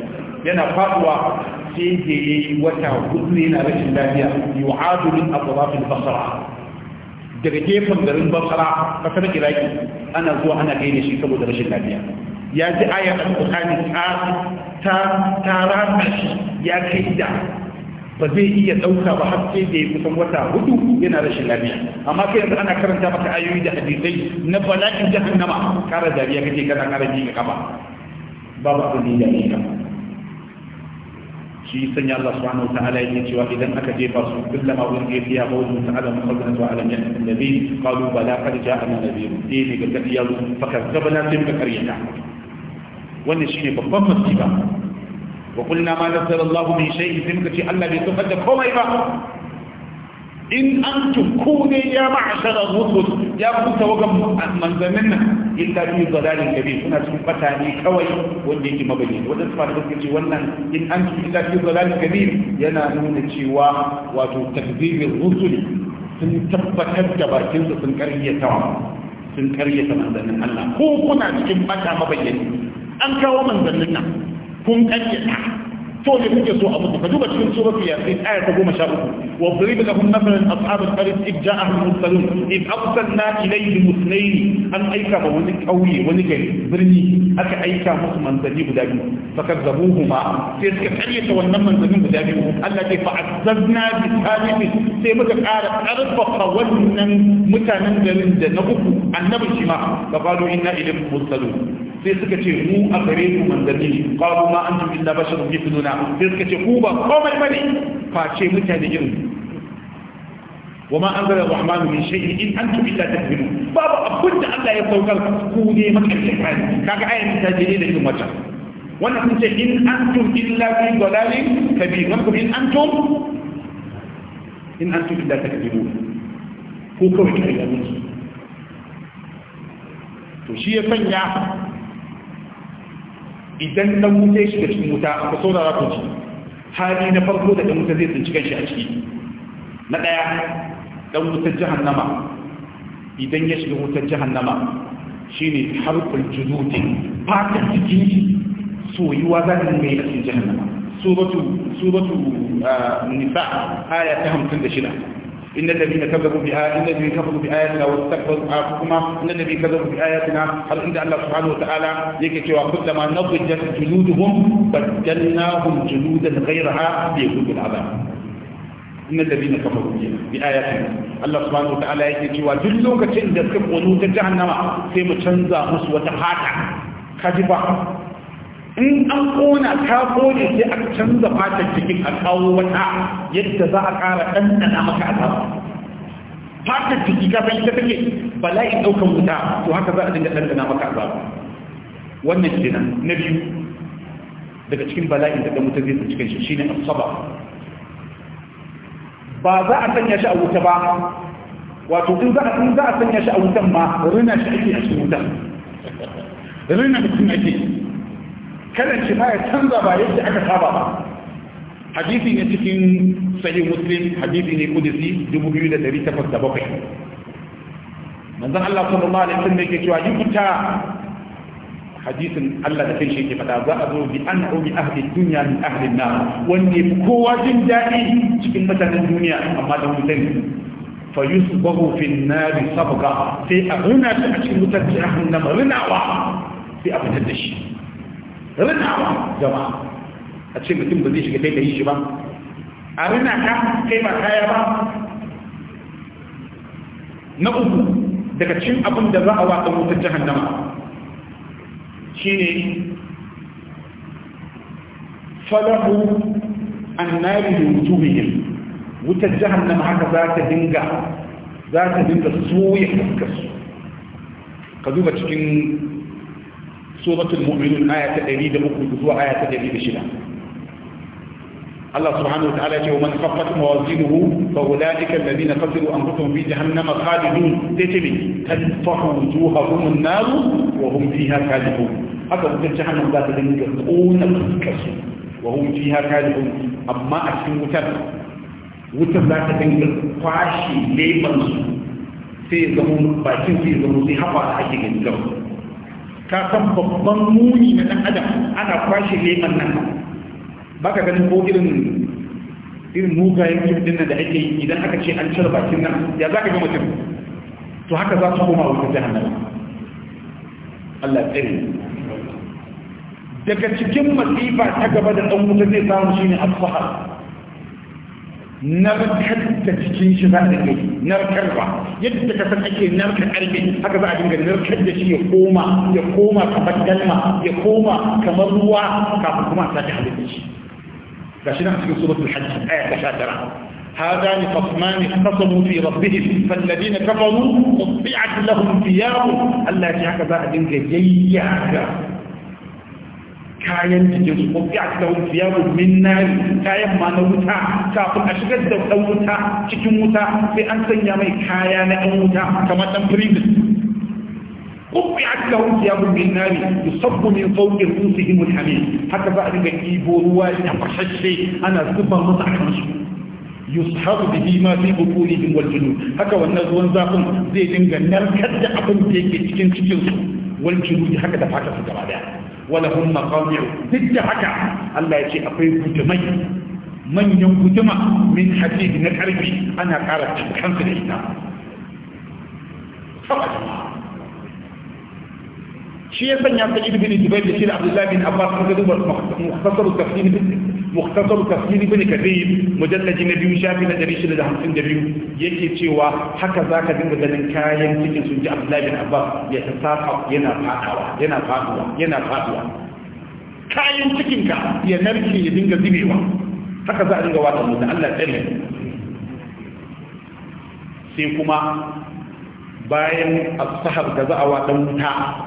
yana faduwa sai ke yi wata hudu yana rashin lafiya yu'adu min atraf al basra daga gefen garin basra kasar iraki ana zuwa ana ne shi saboda rashin lafiya ya ji ayar alƙur'ani ta rata shi ya kai da ba zai iya ɗauka ba har sai da ya kusan wata hudu yana rashin lafiya amma kai yanzu ana karanta maka ayoyi da hadisai na bala'in jahannama kara dariya kake kana kara ji ga kaba babu abin da ya kama shi sanya Allah subhanahu wa ta'ala yake cewa idan aka jefa su kullama ulqiya fiha mawjun ta'ala muqaddamat wa alam ya'ti nabi qalu bala qad ja'a nabiyyun dai ne ga kadiya fa kazzabna sai muka karyata wannan shi ne babban musiba ba kullum ma da sallallahu min shayi sai muka ce Allah bai tofar da komai ba in an tuku ne ya ma'asharar rusul ya kusa wagan manzannin nan illa fi zalalin kabe suna cikin fata ne kawai wanda yake mabani wajen tsara da ce wannan in an tuku illa fi zalalin kabe yana nuna cewa wato takdirin ne sun tabbatar da bakinsu sun karyata sun karyata manzannin Allah ko kuna cikin fata mabayyani an kawo manzannin nan kun ƙaryata to ne kuke so a mutu ka duba cikin suratu yasin aya ta goma sha uku wa dhriba lahum mathalan ashab al-qaryah id ja'ahum mursalun id arsalna ilayhim ithnayn an aika ba wani kauye wani gari birni aka aika musu manzanni guda biyu fakazzabuhuma sai suka karyata wannan manzannin guda biyu Allah ya fa azzazna bi thalith sai muka ƙara ƙarfafa wannan mutanen garin da na uku annabin shi ma ka falo inna ilayhim mursalun sai suka ce mu a gare mu manzanni qalu ma antum illa basharun mithluna sai suka ce ku ba komai bane face mutane irin wa ma anzala rahmanu min shay'in in antum illa tadhibun babu abun da Allah ya saukar ku ne makallan kai kaga ayan ta je da irin wata wannan sun ce in antum illa fi dalalin kabir wannan in antum in antum illa tadhibun ko kawai kai da to shi ya sanya idan ɗan wuta ya shiga cikin wuta ku saurara ku ji hali na farko da ɗan wuta zai tsinci kanshi a ciki na daya dan wutar jahannama idan ya shiga wutar jahannama shine harkul juzudi fatan cikin soyuwa za ta mai cikin jahannama suratu suratu ah, nisa aya ta 56 إن الذين كذبوا بآيات إن الذين كفروا بآياتنا واستكبروا عافكما إن الذين كذبوا بآياتنا هل عند الله سبحانه وتعالى يكتي وكلما نضجت جلودهم بدلناهم جلودا غيرها ليذوقوا العذاب إن الذين كفروا بآياتنا الله سبحانه وتعالى يكتي وجلوك تندسك ونوت جهنم سيما تنزى مسوة حاتا كذبا in an kona ta kone sai a canza fatan cikin a kawo wata yadda za a ƙara ɗanɗana maka azaba fatar jiki ka san ta take bala'i ɗaukan wuta to haka za a dinga ɗanɗana maka azaba wannan kenan na biyu daga cikin bala'in da mutum zai tsinci shi shine asaba ba za a sanya shi a wuta ba wato in za a sanya shi a wutan ma rina shi ake a cikin wutan rina mutum ake karan shi ma ya canza ba yadda aka saba ba hadisi ne cikin sahih muslim hadisi ne kudusi 2807 manzon Allah sallallahu alaihi wasallam yake cewa yi kuta. hadisin Allah da kai shi yake fada za a zo bi an bi ahli dunya min ahli nar wanda kowa jin daɗi cikin mutanen duniya amma da mutum fa yusbahu fi an-nar sabqa sai a runa shi a cikin wutar jahannam runawa sai a fitar da shi rinawa jama'a a ce mutum ba zai shiga kai da yi shi ba a rina ka kai ba kaya ba na uku daga cin abin da za a wata wutar shi shine falahu annari da wujuhihim wutar jahannama haka za ta dinga za ta dinga soya fuskarsu ka duba cikin سورة المؤمنون آية ta 103 سورة آية ta 106 الله سبحانه وتعالى يقول من خفت موازينه فأولئك الذين خسروا أنفسهم في جهنم خالدون تتبي تنفح وجوههم النار وهم فيها كالحون أكبر في جهنم ذات ذلك يقول وهم فيها كالحون أما أسكن وتر وتر ذات ذلك قاشي ليبنس في ظهور باكين في ظهور في حفا حاجة ka san babban muni na ɗan adam ana kwashe leman nan ba ka ganin ko irin irin mugayen kirɗin nan da ake yi idan aka ce an cire bakin nan ya za ka ga mutum to haka za su koma wata jahannama Allah tsere daga cikin masifa ta gaba da ɗan wuta zai samu ne asfahar نركض تشيش بعدك نركض يدك تفتحك نركض قلبي هكذا بعد يمكن نركض شيء يقوم يقوم كبتلمة يقوم كمروة كابكما ساتح لديش باش نحسن صورة الحج آية تشاترة هذا لقصمان اختصموا في ربهم فالذين كفروا قطعت لهم ثياب التي هكذا بعد يمكن جيّاك kayan jikinsu ko fi a cika wuce ya rumin na kayan ma na wuta kafin a shigar da ɗan wuta cikin wuta sai an sanya mai kaya na ɗan wuta kamar ɗan firibis ko fi a cika wuce ya rumin na ne sabu min saukin sun su himu ta haka za a riga ɗibo ruwa ya fashashe ana zuba masa a kansu yusharu da bi ma fi bukuri din waljinu haka wannan ruwan zafin zai dinga narkar da abin da yake cikin cikinsu waljinu haka da fata su gaba daya wala hun maqami'u duk da haka Allah ya ce akwai gudumai manyan guduma min hadid na karfi ana ƙara cikin da ita shi ya sanya ta ibn Jubair da shi da Abdullah bin Abbas sun duba mukhtasar tafsir mukhtasar tafsir ibn Kathir mujallad na biyu shafi na 652 yake cewa haka zaka dinga ganin kayan cikin sun ji Abdullah bin Abbas ya tasafa yana fadawa kayan cikin ya narke ya dinga zubewa haka za a dinga wata mutu Allah tsare sai kuma bayan asahar da za dan wuta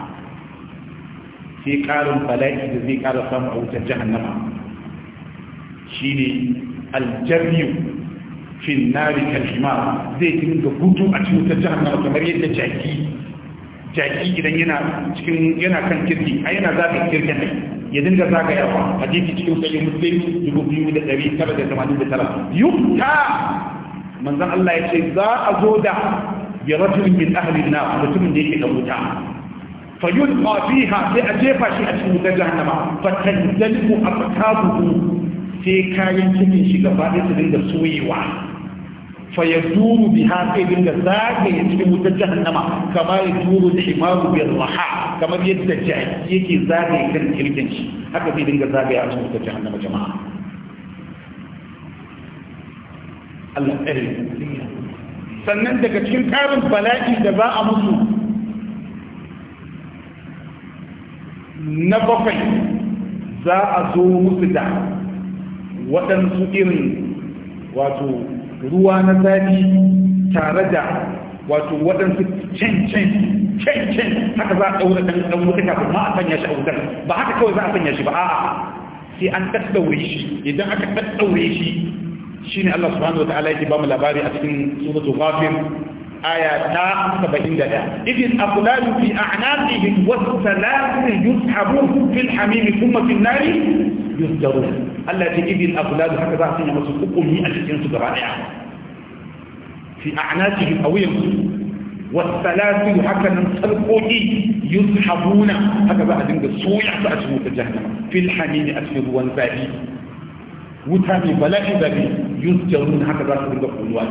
sai ƙarin bala'i da zai ƙara samu a wutar jahannama ne aljarriyu fin nari kalima zai dinga gudu a cikin wutar jahannama kamar yadda jaki jaki idan yana cikin yana kan kirki a yana ka kirkin ne ya dinga zaga yawa a jiki cikin sayi muslim dubu biyu da ɗari tara da tamanin da tara yukta manzan Allah ya ce za a zo da ya rasu min ahalin na mutumin da yake da wuta فيلقى فيها لأجيب شيء أسمه جهنم فتجلب أبكابه في كائن شكل شكل فارس عند سويوة فيدور بها في عند ذاك يسمو جهنم كما يدور الحمار بالرحى كما يتجع يكي ذاك يكن كيرجنش هكذا في عند ذاك يسمو جهنم جماعة الله أعلم سنن daga cikin karin bala'i da ba a musu na bakwai za a zo musu da waɗansu irin wato ruwa na zafi tare da wato waɗansu cancan cancan haka za a ɗaura ɗan ɗan wuta kafin ma a sanya shi a wutar ba haka kawai za a sanya shi ba a'a sai an ɗaɗɗaure shi idan aka ɗaɗɗaure shi shine Allah subhanahu wa ta'ala yake ba mu labari a cikin suratul ghafir آية تا سبعين دا إذ الأقلال في أعناقهم والسلام يسحبون في الحميم ثم في النار يسجرون الذي إذ الأقلال هكذا سنة مسوقوا مئة سنة رائعة في أعناقهم أو أويا والسلاسل هكذا انطلقوا يسحبون هكذا بعد عند السويع فأسموا الجهنم في الحميم أسفر والبعيد وتامي بلا إبري يسجرون هكذا عند قلوات الله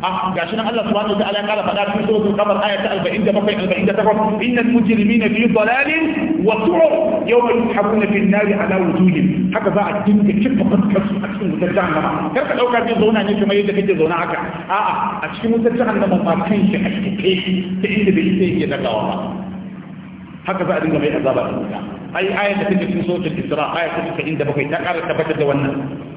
ah gashi nan Allah subhanahu wataala ya kara faɗa cikin suratul qamar aya ta 47 48 innal mujrimina fi dalalin wa su'ur yawma yushabuna fi an-nari ala wujuhihim haka za a dinga kifa fuskar su a cikin wutar jahannama kar ka dauka zai zauna ne kamar yadda kake zauna haka a'a a cikin wutar jahannama ba kan shi a cikin ta inda bai sai ya dagawa ba haka za a dinga mai azaba da wuta ai ayat da take cikin suratul isra ayat ta 97 ta kara tabbatar da wannan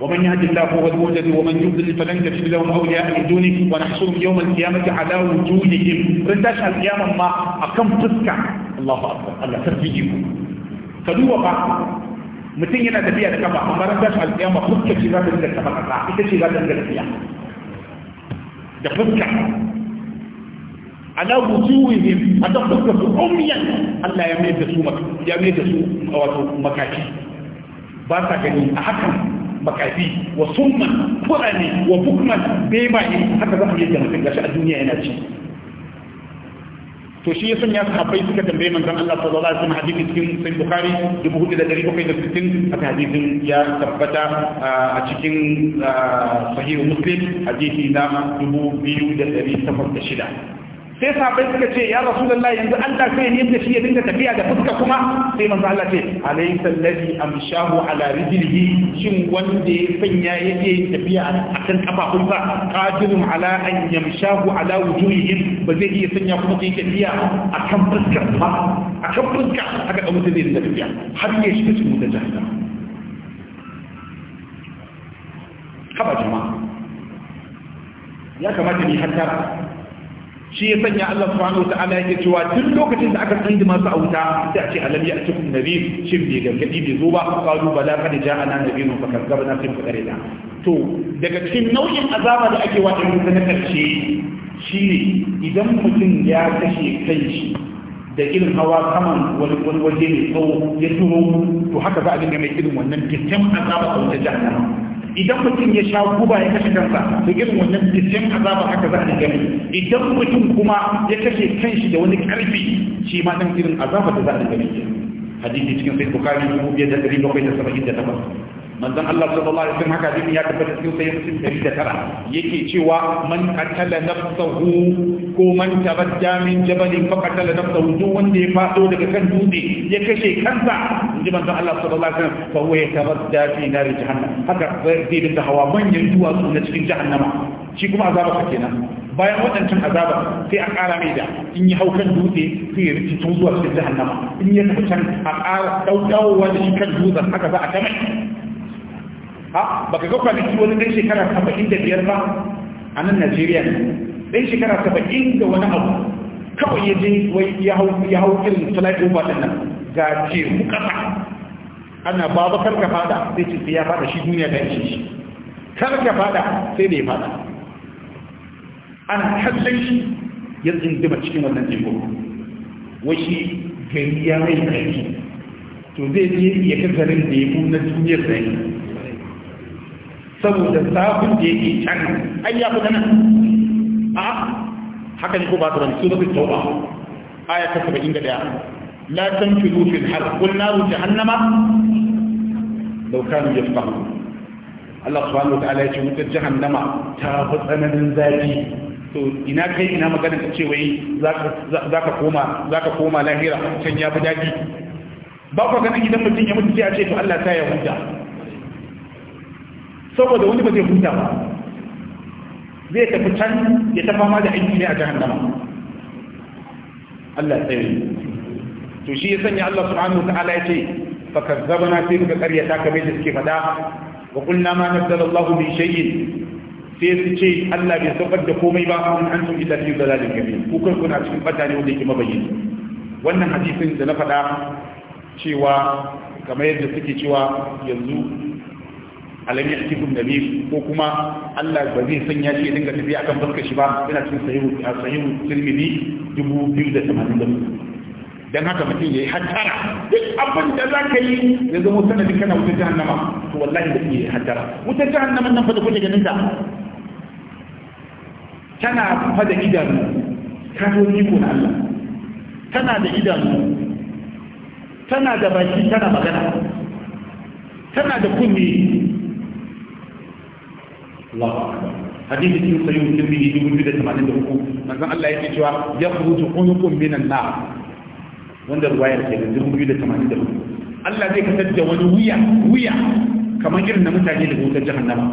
ومن يهد الله فهو المهتد ومن يضلل فلن تجد لهم اولياء من دونه ونحشرهم يوم القيامه على وجوههم رنداش القيامه ما اكم تسكع الله اكبر الله ترجيكم فدوا بقى متين ينا تبيع الكبا اما رنداش القيامه خذك في ذات من الكبا في ذات من الكبا دفتك على وجوههم ادفتك اميا الله يميت سومك يميت سومك او مكاكي باسا احكم makafi wa summan qurani wa bai ma bebaye haka za mu yi jama'a ga shi a duniya yana ci to shi yasan ya sahabbai suka tambaye manzon Allah sallallahu alaihi wasallam hadisi cikin sahih bukhari 4760 aka hadisin ya tabbata ah, a cikin ah, sahih muslim hadisi na 2806 sai sahabbai suka ce ya rasu rasulullahi yanzu Allah sai ne da shi ya dinga tafiya da fuska kuma sai manzo Allah ce alaysa alladhi amshahu ala rijlihi shin wanda ya sanya yake yin tafiya akan kafafunsa qadirun ala an yamshahu ala wujuhihim ba zai iya sanya kuma sai tafiya akan fuska ba akan fuska haka da mutum zai dinga tafiya har ya shiga cikin mutum jahannam haba jama'a ya kamata ni hattara shi ya sanya Allah subhanahu wata'ala yake cewa tun lokacin da aka tsinda masu a wuta sai a ce alam ya cikin nabi shin bai gargadi bai zo ba kalu bala kada ja'ana nabiyun fa sun fi qadarina to daga cikin nau'in azaba da ake wa ɗan na karshe shi ne idan mutum ya kashe shi da irin hawa saman wani wani waje ne tsawo ya turo to haka za a dinga mai irin wannan fitan azaba a wata jahannama idan mutum ya sha guba ya kashe kansa to irin wannan bisin azaba haka za a gani idan mutum kuma ya kashe kanshi da wani karfi shi ma dan irin azaba da za a gani hadisi cikin sai bukari dubu biyar da dari, bakwai da saba'in da takwas manzon Allah sallallahu alaihi wasallam haka hadisin ya tabbata cikin sai muslim ɗari da tara yake cewa man qatala nafsahu ko man tabadda min jabalin fa qatala nafsahu duk wanda ya fado daga kan dutse ya kashe kansa ji manzon Allah sallallahu alaihi wasallam fa huwa yataradda fi nar jahannam haka zai da hawa manyan duwatsu na cikin jahannama shi kuma azaba kenan bayan waɗancan azaba sai a ƙara mai da in yi haukan dutse sai ya rikici tun zuwa cikin jahannama in ya tafi a ƙara ɗauɗawowa da shi kan dutsen haka za a ta mai ha baka ga kwanaki wani ɗan shekara saba'in da biyar ba a nan najeriya ne. ɗan shekara saba'in da wani abu kawai ya je ya hau irin flight over ɗin nan ga teku ƙasa ana babu karka fada sai ce sai ya fada shi duniya ta ishe shi karka fada sai da ya fada ana kallon shi ya tsindima cikin wannan teku washi gari ya mai gari to zai je ya ka garin da ya na duniyar zai? ya saboda zafin da yake can ai ya fi nan a haka ne ko ba su wani su zafi ba aya ta 71 la tanfiru fil har qul naru jahannama law kanu yafqahun Allah subhanahu wa ta'ala ya ce wutar jahannama ta fi tsananin zafi to ina kai ina magana ka ce wai zaka koma zaka koma lahira can ya fi daɗi ba ku ganin gidan mutum ya mutu sai a ce to Allah ta ya huta saboda wani ba zai huta ba zai tafi can ya tafa ma da aiki ne a jahannama Allah tsaye to shi ya sanya Allah subhanahu wataala ya ce fa na sai muka karyata kamar da suke faɗa wa qulna ma nazzala Allah min shay'in sai su ce Allah bai saukar da komai ba in an tun illa fi dalalin kabir ku kan kuna cikin bata ne wanda yake mabayyana wannan hadisin da na faɗa cewa kamar yadda suke cewa yanzu alam yahtikum nabi ko kuma Allah ba zai sanya shi dinga tafiya akan fuskar shi ba yana cikin sahihu sahihu tirmidhi 2080 dan haka mutum ya yi hattara duk abin da za ka yi ya zama sanadin kana wuta jahannama to wallahi da yayi hattara wuta jahannama nan fa da kuke ganin ta tana fa da idanu ka zo ni ko Allah tana da idanu tana da baki tana magana tana da kunni Allah akbar hadisi cikin sayyid tirmidhi 2083 manzon Allah yake cewa yakhruju unqun minan nar wanda ruwayar ke da 2084 Allah zai kasar da wani wuya wuya kamar irin na mutane daga wutar jahannama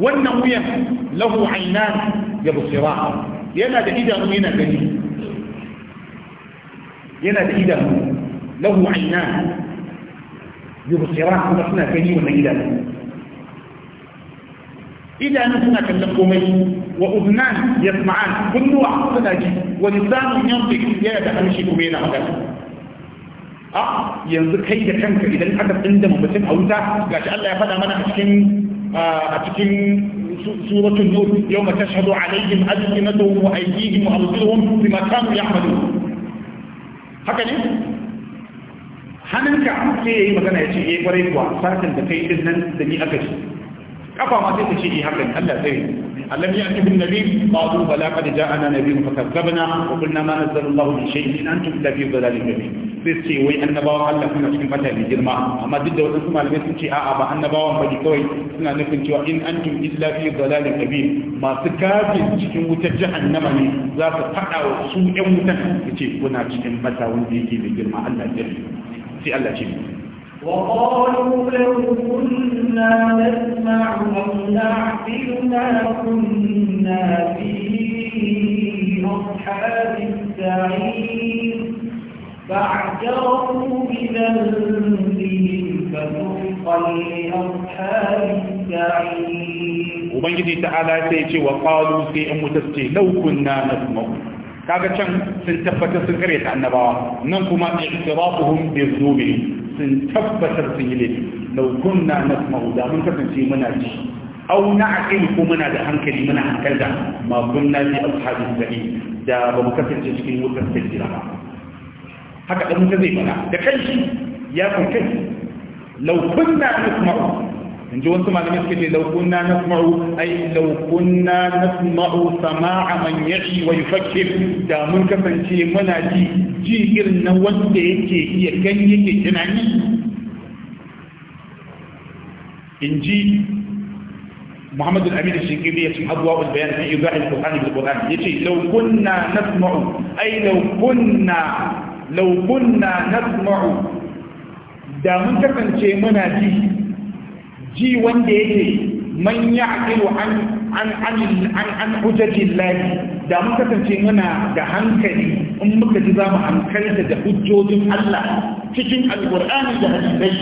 wannan wuyan lahu ainan ya busira yana da idanu yana gani yana da idanu lahu ainan ya busira kuma suna gani wannan idanu idanu suna kallon komai وأذنان يسمعان كل واحد صلاجي ولسان ينطق يا تحمشي كمينة هذا أه ينطق هيدا كانت إذا الحدث أكد عند ممثل أو إذا الله يا فتح أنا أتكن أتكن آه، سورة النور يوم تشهد عليهم ألسنتهم وأيديهم وأرجلهم بما كانوا يعملون هكذا هننك عمك إيه مثلا يا شيء إيه وريكوا فاتن بكي إذن دني أكد kafa ma sai ta ce eh, hakan Allah sai alam ya'ti bin nabi qalu bala qad ja'ana nabiyyun fakazzabna wa qulna ma nazzala Allah min shay'in antum la fi dhalalin mubin sai ce wai annabawan Allah suna cikin fata mai girma amma duk da wasu malamai sun ce a'a ba annabawan ba kawai suna nufin cewa in antum illa fi dhalalin mubin masu kafin cikin wutar jahannama ne za su fada wa su ƴan su ce kuna cikin fata wanda yake mai girma Allah ya sai Allah ce وقالوا لو كنا نسمع أو نعقل ما كنا في أصحاب السعير فاعترفوا بذنبهم فسحقا لأصحاب السعير وبنجي تعالى سيتي وقالوا في أم تفتي لو كنا نسمع kaga can sun tabbatar sun kare ta annabawa nan kuma sun tabbatar sun yi laifi lau kunna nasma'u da mun kasance muna ji au na'qil ko muna da hankali muna hankalta ma kunna fi ashabi sa'i da ba mu kasance cikin wutar sajira ba haka dan mutum zai fara da kanshi ya kun kai lau kunna nasma'u in ji wasu malamai suke ce lau kunna nasma'u ai lau kunna nasma'u sama'a man yashi wa yufakkir da mun kasance muna ji ji irin na wanda yake iya gani yake tunani in ji muhammadu al-amir shigiri ya ce abuwa wanda bayan sun yi za a yi kuma da ya ce laukunna na tsumaru ai laukunna laukunna na tsumaru da mun kasance muna ji ji wanda yake man ya'qilu an an an an hujjatillahi da mun kasance muna da hankali in muka ji za mu hankalta da hujjojin Allah cikin alqur'ani da hadisai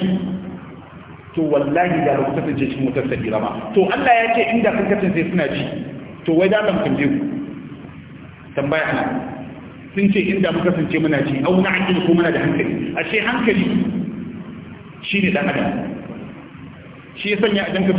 to wallahi da ba ku kasance cikin wutar sabira ba to Allah ya ce inda kun kasance suna ji to wai da ban tambaye ku tambaya na sun ce inda muka kasance muna ji au na'qilu ko muna da hankali ashe hankali shine dan adam shi ya sanya idan ka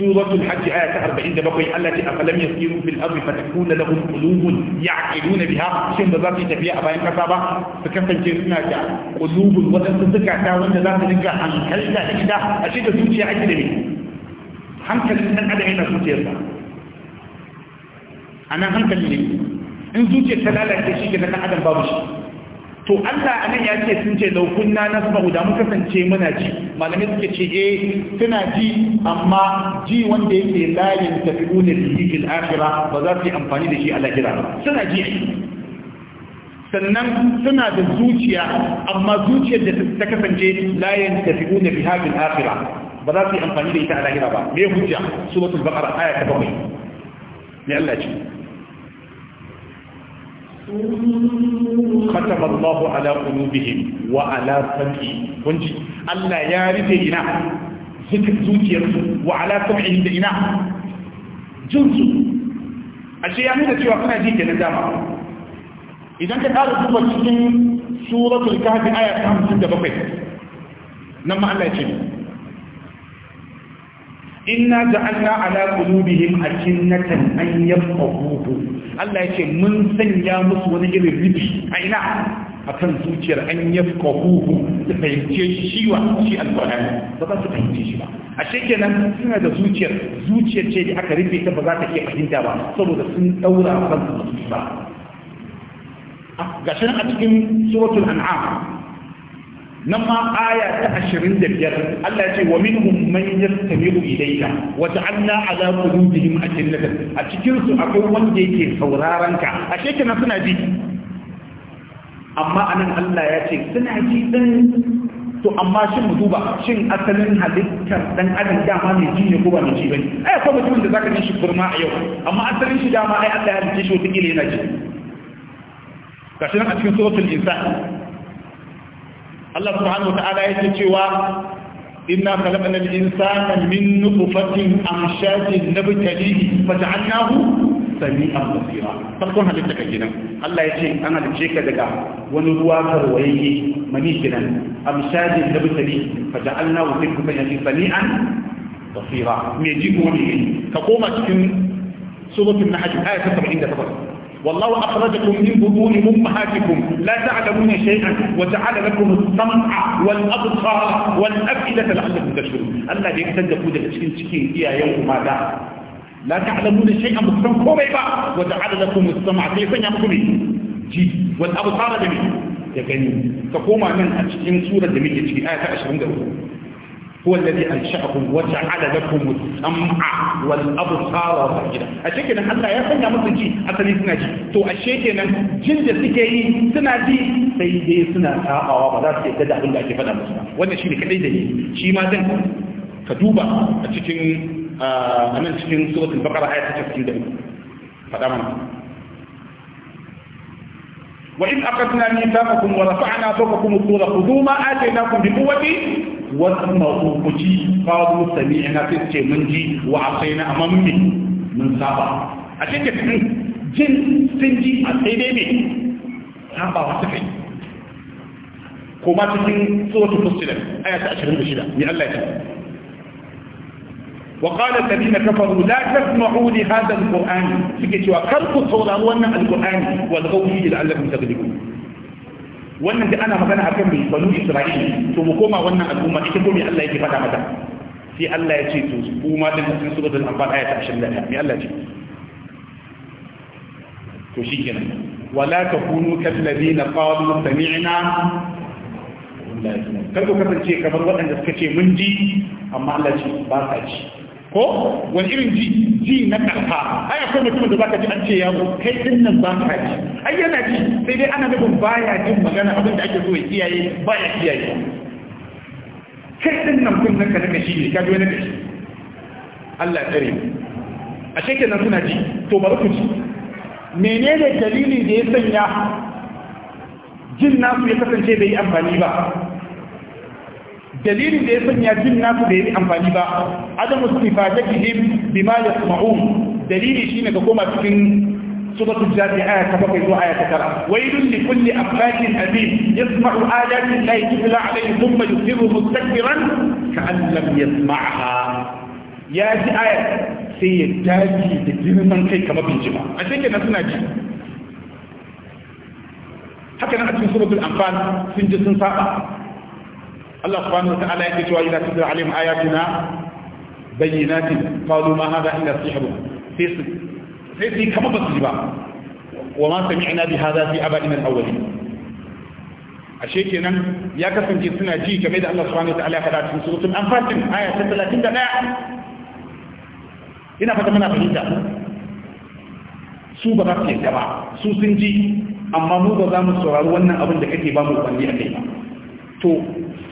سورة الحج آية 40 بقي التي أفلم يسيروا في الأرض فتكون لهم قلوب يعقلون بها شن ذات تبيع أباين كتابة فكفن جرسنا جاء قلوب وتنسكع تاوين ذات رجع عن كلتا إذا أشد سوشي عجلني هم كلتا أدعينا سوشي رجع أنا هم كلتا إن سوشي سلالة تشيك لك أدم بابشي to Allah anan ya ce sun ce laukunna na nasma'u da mun kasance muna ji malamai suka ce eh suna ji amma ji wanda yake layin tafi'una bihi fil akhirah ba za su yi amfani da shi a lahira ba suna ji sannan suna da zuciya amma zuciyar da ta kasance layin tafi'una biha fil akhirah ba za su yi amfani da ita a lahira ba me hujja suratul baqara aya ta bakwai. ne Allah ce ختم الله على قلوبهم وعلى سمعهم kunji Allah ya rufe ina zikin zuciyarsu wa ala sam'ihim da ina jinsu ya nuna cewa kana ji kenan dama idan ka ƙara duba cikin suratul kahfi aya ta 57 nan ma Allah ya ce inna ja'alna ala an Allah ya ce mun sanya musu wani irin rubi a ina a kan zuciyar an yi kwahuhu su fahimce shi wa shi alƙwarari ba za su fahimce shi ba a shekenan suna da zuciyar zuciyar ce da aka rufe ta ba za ta iya fahimta ba saboda sun ɗaura kansu ba ah, ga a cikin suratul an'am nan ma aya ta ashirin da biyar Allah ya ce wa minhum man yastamiru ilayka wa ja'alna ala qulubihim ajillatan a cikin su akwai wanda yake sauraron ka ashe suna ji amma anan Allah ya ce suna ji din to amma shin mu duba shin asalin halittar dan adam dama mai ji ko ba mai ji bane ai akwai mutumin da zaka ji shi kurma a yau amma asalin shi dama ai Allah ya halice shi wata kila yana ji nan a cikin suratul insan Allah subhanahu wata'ala yake cewa inna khalaqna al-insana min nutfatin amshajin nabtalihi fata'annahu sami'an basira farkon halitta ka kenan Allah yace an halice ka daga wani ruwa karwaye mani kenan amshajin nabtalihi fata'annahu sami'an basira me ji ko ne ka koma cikin suratul nahl ayat 78 والله أخرجكم من بطون أمهاتكم لا تعلمون شيئا وجعل لكم السمع والأبصار والأفئدة لعلكم تشكرون الله يكتدفوا ده تشكين تشكين يا يوم ماذا لا تعلمون شيئا بسم كومي با وجعل لكم السمع كيف يقوم جي والأبصار دمي يا كريم تقوم من أشكين سورة دمي تشكين آية 20 هو الذي أنشأكم وجعل لكم السمع والأبصار والأفئدة أشيء كنا حتى يفهم يا جي حتى نسنا تو أشيء كنا جند سكي سنا جي سيدي سنا ساعة وبدأت يتدع بالله كيف أنا مصر وأنا شيء كده دي شيء ما زين فدوبا أشيء آه، أنا أشيء سورة البقرة آية 93 فدامنا وإذ أخذنا ميثاقكم ورفعنا فوقكم الطور خذوا ما آتيناكم بقوة wasu masu kuci kawo sami ina sai ce mun ji wa akwai na amma mun saba a cikin sun jin sun ji a sai dai ne saba wasu kai kuma cikin tsohon fusilin ayata 26 ne Allah ya ce وقال الذين كفروا لا تسمعوا لهذا القرآن فكتوا كركوا صورا وانا القرآن والغوه لعلكم تغلبون wannan da ana magana akan mai banu isra'ila to mu koma wannan al'umma ita ko me Allah yake faɗa mata sai Allah ya ce to kuma din cikin suratul anfal ayat 21 me Allah ya ce to shikenan ولا تكونوا كالذين قالوا سمعنا kar ku kasance kamar waɗanda suka ce mun ji amma Allah ce ba sa ji ko wani irin ji ji na karfa ai akwai mutumin da ka ji an ce yaro kai din nan ba ka ji ai yana ji sai dai ana nufin baya jin magana abin da ake so ya kiyaye baya kiyaye kai din nan kun nan ka naka shi ne ka na kashi Allah tsare a shekin nan suna ji to bari ku ji menene dalili da ya sanya jin nasu ya kasance bai yi amfani ba dalilin da ya sanya jin nasu da ya yi amfani ba adamu sifata ki him bi ma ya dalili shi ne ka koma cikin subatu jami'a aya ta bakwai zuwa aya ta tara wailun li kulli afakin azim yasma'u ayati llahi tufla alayhi thumma yusiru mustakbiran ka an lam ya ji aya sai ya daji da girman kai kamar bin a sai kenan suna ji haka nan a cikin subatu sun ji sun saba Allah subhanahu wataala yake cewa idza tutla alaihim ayatuna bayyinatin qalu ma hadha illa sihrun sai sai su ba su ji ba wa ma sami'na bi hadha fi aba'ina al-awwalin ashe kenan ya kasance suna ji game da Allah subhanahu wataala ya aya ina fahimta su ba za su yi ba su sun ji amma mu ba za mu saurari wannan abin da kake ba mu kwalli a kai ba to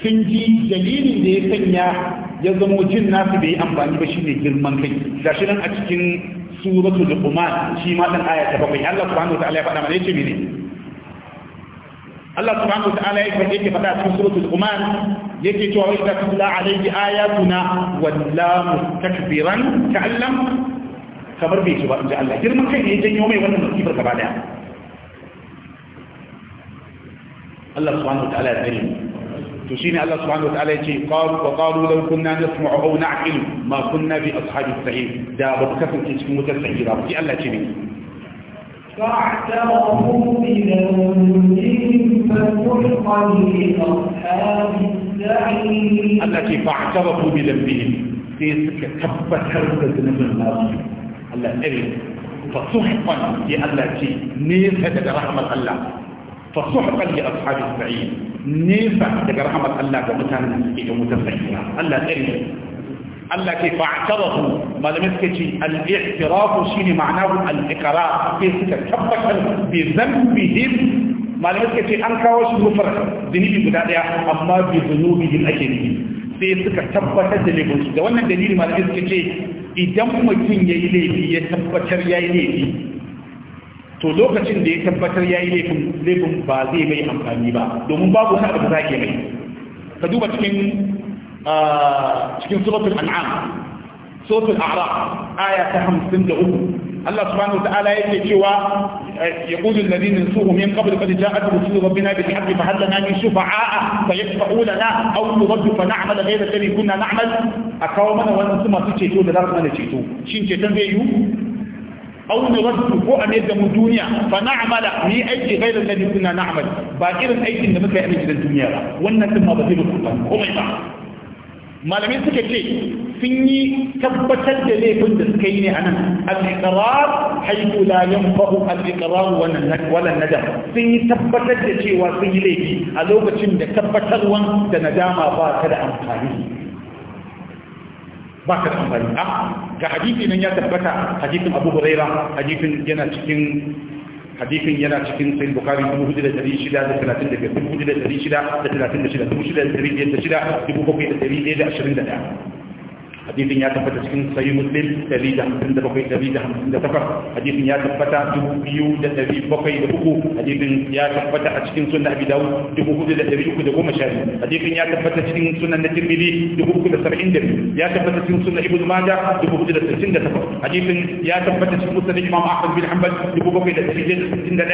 sun ji dalilin da ya sanya ya zamo jin nasu bai amfani ba ne girman kai shi nan a cikin suratul luqman shi ma dan aya ta bakwai Allah subhanahu wataala ya faɗa mana yace mene Allah subhanahu wataala ya faɗa yake faɗa cikin suratul luqman yake cewa wa idza tutla alayhi ayatuna walla mustakbiran ka'allam kamar bai ci ba inji Allah girman kai ne ya janyo mai wannan musibar gaba daya Allah subhanahu wataala ya tsare تشيني الله سبحانه وتعالى قال وقالوا لو كنا نسمع أو نعقل ما كنا بأصحاب السعير دا بركات الكتب متسعيرة في الله تشيني فاعترفوا بذنبهم فتلقى لأصحاب السعير التي فاعترفوا بذنبهم تيسك كبة هرزة ذنب الناس الله أري فصحقا في الله تشيني رحمة الله fa suhqan li ashabi sa'id nesa daga rahmar Allah ga mutanen da ke da mutar sa'ira Allah tsare Allah ke fa'tarahu malamin suka ce al-i'tiraf shine ma'anahu al-iqrar sai suka tabbatar bi dhanbihim malamin suka ce an kawo shi mufrad zunubi guda daya amma bi zunubihim ake nufi sai suka tabbatar da laifinsu da wannan dalili malamin suka ce idan mutum ya yi laifi ya tabbatar ya yi laifi to lokacin da ya tabbatar ya yi laifin ba zai mai amfani ba domin babu wani abu da za ke mai ka duba cikin cikin suratul an'am suratul a'raf aya ta hamsin da uku. Allah subhanahu ta'ala yake cewa ya yaqulu alladhina suhu min qabl qad ja'at rusul rabbina bil haqqi fa hal lana min shufa'a fa yashfa'u lana aw nuraddu fa na'mal ghayra alladhi kunna na'mal kawo mana wannan su masu ceto da za su ceto shin ceton zai yi aw wasu ko a da mu duniya fa na'mala ni aiki ghairu suna na na'mal ba irin aikin da muka yi a gidan duniya ba wannan din ma ba zai ba. Kuma komai ba malamai suka ce sun yi tabbatar da laifin da suka yi ne a nan al-iqrar haythu la yanfa'u al-iqrar wala nadam sun yi tabbatar da cewa sun yi laifi a lokacin da tabbatarwan da nadama ba ta da amfani ba ka da amfani a ah, ga hadisi nan ya tabbata hadisin abu huraira hadisin yana cikin hadisin yana cikin sai bukari da 4636 da 4721 hadisin ya tabbata cikin sahih muslim 157-158 hadisin ya tabbata 2703 hadisin ya tabbata a cikin sunan abi dawud 4310 hadisin ya tabbata cikin sunan na tirmidhi 372 ya tabbata cikin sunan ibnu majah 468 hadisin ya tabbata cikin musnad imam ahmad bin hanbal 7761 7711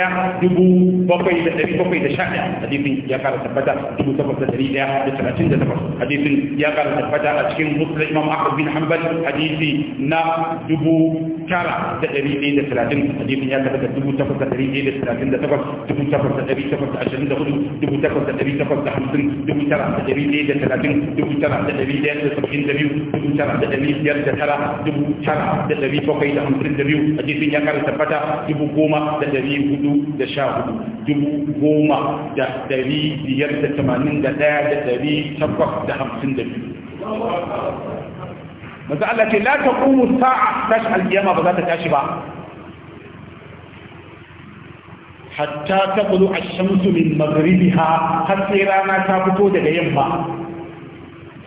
hadisin ya kara tabbata 7838 hadisin ya kara tabbata a cikin musnad imam ahmad Ahmad bin Hanbal hadisi na dubu tara da ɗari ɗaya da talatin hadisin ya tabbata dubu takwas da ɗari ɗaya da talatin da takwas dubu takwas da ɗari takwas da ashirin da hudu dubu takwas da ɗari takwas da hamsin dubu tara da ɗari ɗaya da talatin dubu tara da ɗari ɗaya da saba'in da biyu dubu tara da ɗari biyar da tara dubu tara da ɗari bakwai da hamsin da biyu hadisin ya kara tabbata dubu goma da ɗari hudu da sha hudu dubu goma da ɗari biyar da tamanin da ɗaya da ɗari takwas da hamsin da biyu Maza Allah ce la taqumu sa'a tash al ba za ta tashi ba hatta taqulu ash-shamsu min maghribiha har sai rana ta fito daga yamma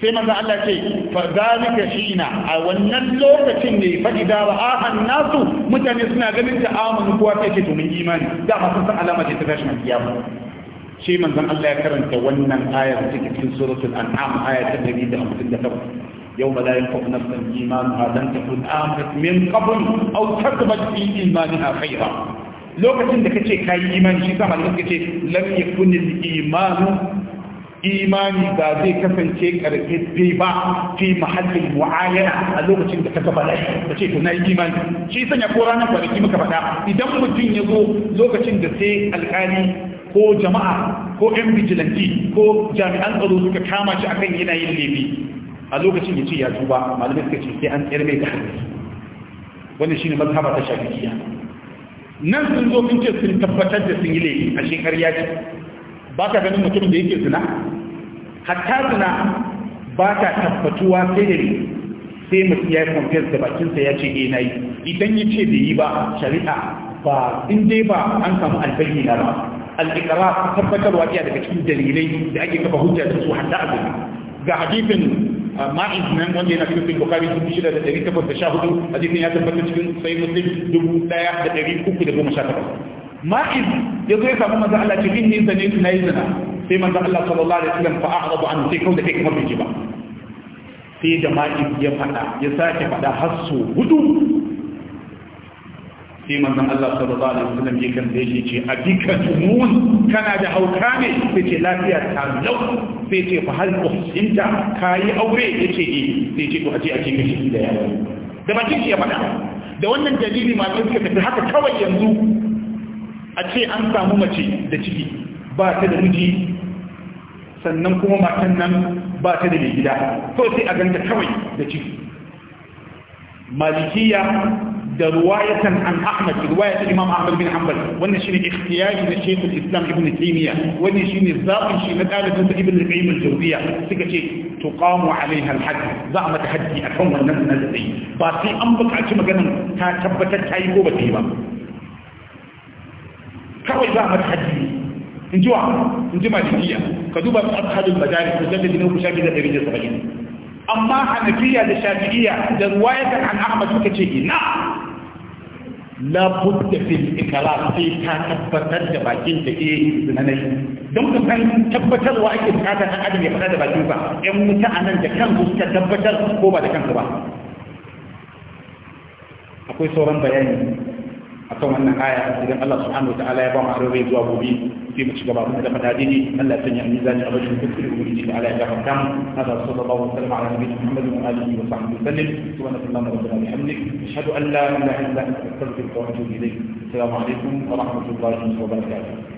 sai maza Allah ce fa zalika shina a wannan lokacin ne fa idza ra'aha nasu mutane suna ganin ta amanu kuwa ta ce to mun imani da ma sun san alama ce ta tashi al kiyama manzon Allah ya karanta wannan ayar cikin suratul an'am aya ta يوم لا ينفع نفسا إيمانها لم تكن آمنت من قبل أو كسبت في إيمانها خيرا lokacin da kace kai imani shi sama da kace lam yakun al-iman imani ba zai kasance karfe ba fi mahallin mu'ayana a lokacin da ka saba da kace to nayi imani shi sanya ko ranar kwanaki muka faɗa idan mutum ya zo lokacin da sai alƙali ko jama'a ko 'yan bijilanci ko jami'an tsaro suka kama shi akan yana yin laifi a lokacin ya ce ya tuba malamai suka ce sai an tsayar mai da hadisi wanda shine mazhaba ta shafi'iyya nan sun zo sun ce sun tabbatar da sun yi laifi a shekar yaki ba ka ganin mutumin da yake zina hatta zina ba ta tabbatuwa sai da sai mutum ya yi kwamfiyar da bakinsa ya ce eh na yi idan ya ce da yi ba shari'a ba in dai ba an samu albayi na ba al'ikara tabbatarwa iya daga cikin dalilai da ake kafa hujja da su hatta a ga hadisin uh, ma'iz nan wanda yana cikin sahih bukhari 6814 hadisin ya tabbata cikin sahih muslim ma'iz yazo ya samu manzo Allah ce inni zanitu na yizna sai manzo Allah sallallahu alaihi wasallam sai kawai da kai kamar ba sai da ya fada ya sake fada har so hudu sai manzon Allah sallallahu alaihi wasallam ya kan da yake ce a dika tumun kana da hauka ne sai ce lafiya ta lau sai ce fa hal uhsinta kai aure yace eh sai ce aje a cikin shi da yawa da ba shi ya faɗa da wannan dalili malamai suka tafi haka kawai yanzu a ce an samu mace da ciki ba ta da miji sannan kuma matan nan ba ta da mai gida ko sai a ganta kawai da ciki malikiya ده رواية عن أحمد رواية الإمام أحمد بن حنبل وانا شيني اختياري الشيخ الإسلام ابن تيمية وانا شيني الزاقي شيني قالة انت ابن العيم الجوزية سيكا شيء تقام عليها الحج زعم تحدي أحمى الناس نزدي باقي أمبك أجمع جنم تا تبتت تا يقوبة إيبا كوي زعم تحدي انجوا انجوا مالكية كدوبا أصحاب المدارس مجدد نوب شاكدة بريد السبعين amma hanafiya da shafi'iyya da ruwayatan an ahmad suka ce ina la budda fil ikrar sai ka tabbatar da bakin da ke eh, zinanai don ka san tabbatarwa ake bukata kan adam ya fada da bakin sa yan wuta a nan da kan suka tabbatar ko ba da kansu ba akwai sauran bayani akan wannan aya idan Allah subhanahu wa ta'ala ya ba mu aure zuwa gobe في مشكلة مختلفة من لا تنيع ميزان أبشر بكل أمور على إله كان هذا صلى الله عليه وسلم على نبينا محمد وآله وصحبه وسلم سبحان الله ربنا بحمدك أشهد أن لا إله إلا أنت أستغفرك وأتوب إليك السلام عليكم ورحمة الله وبركاته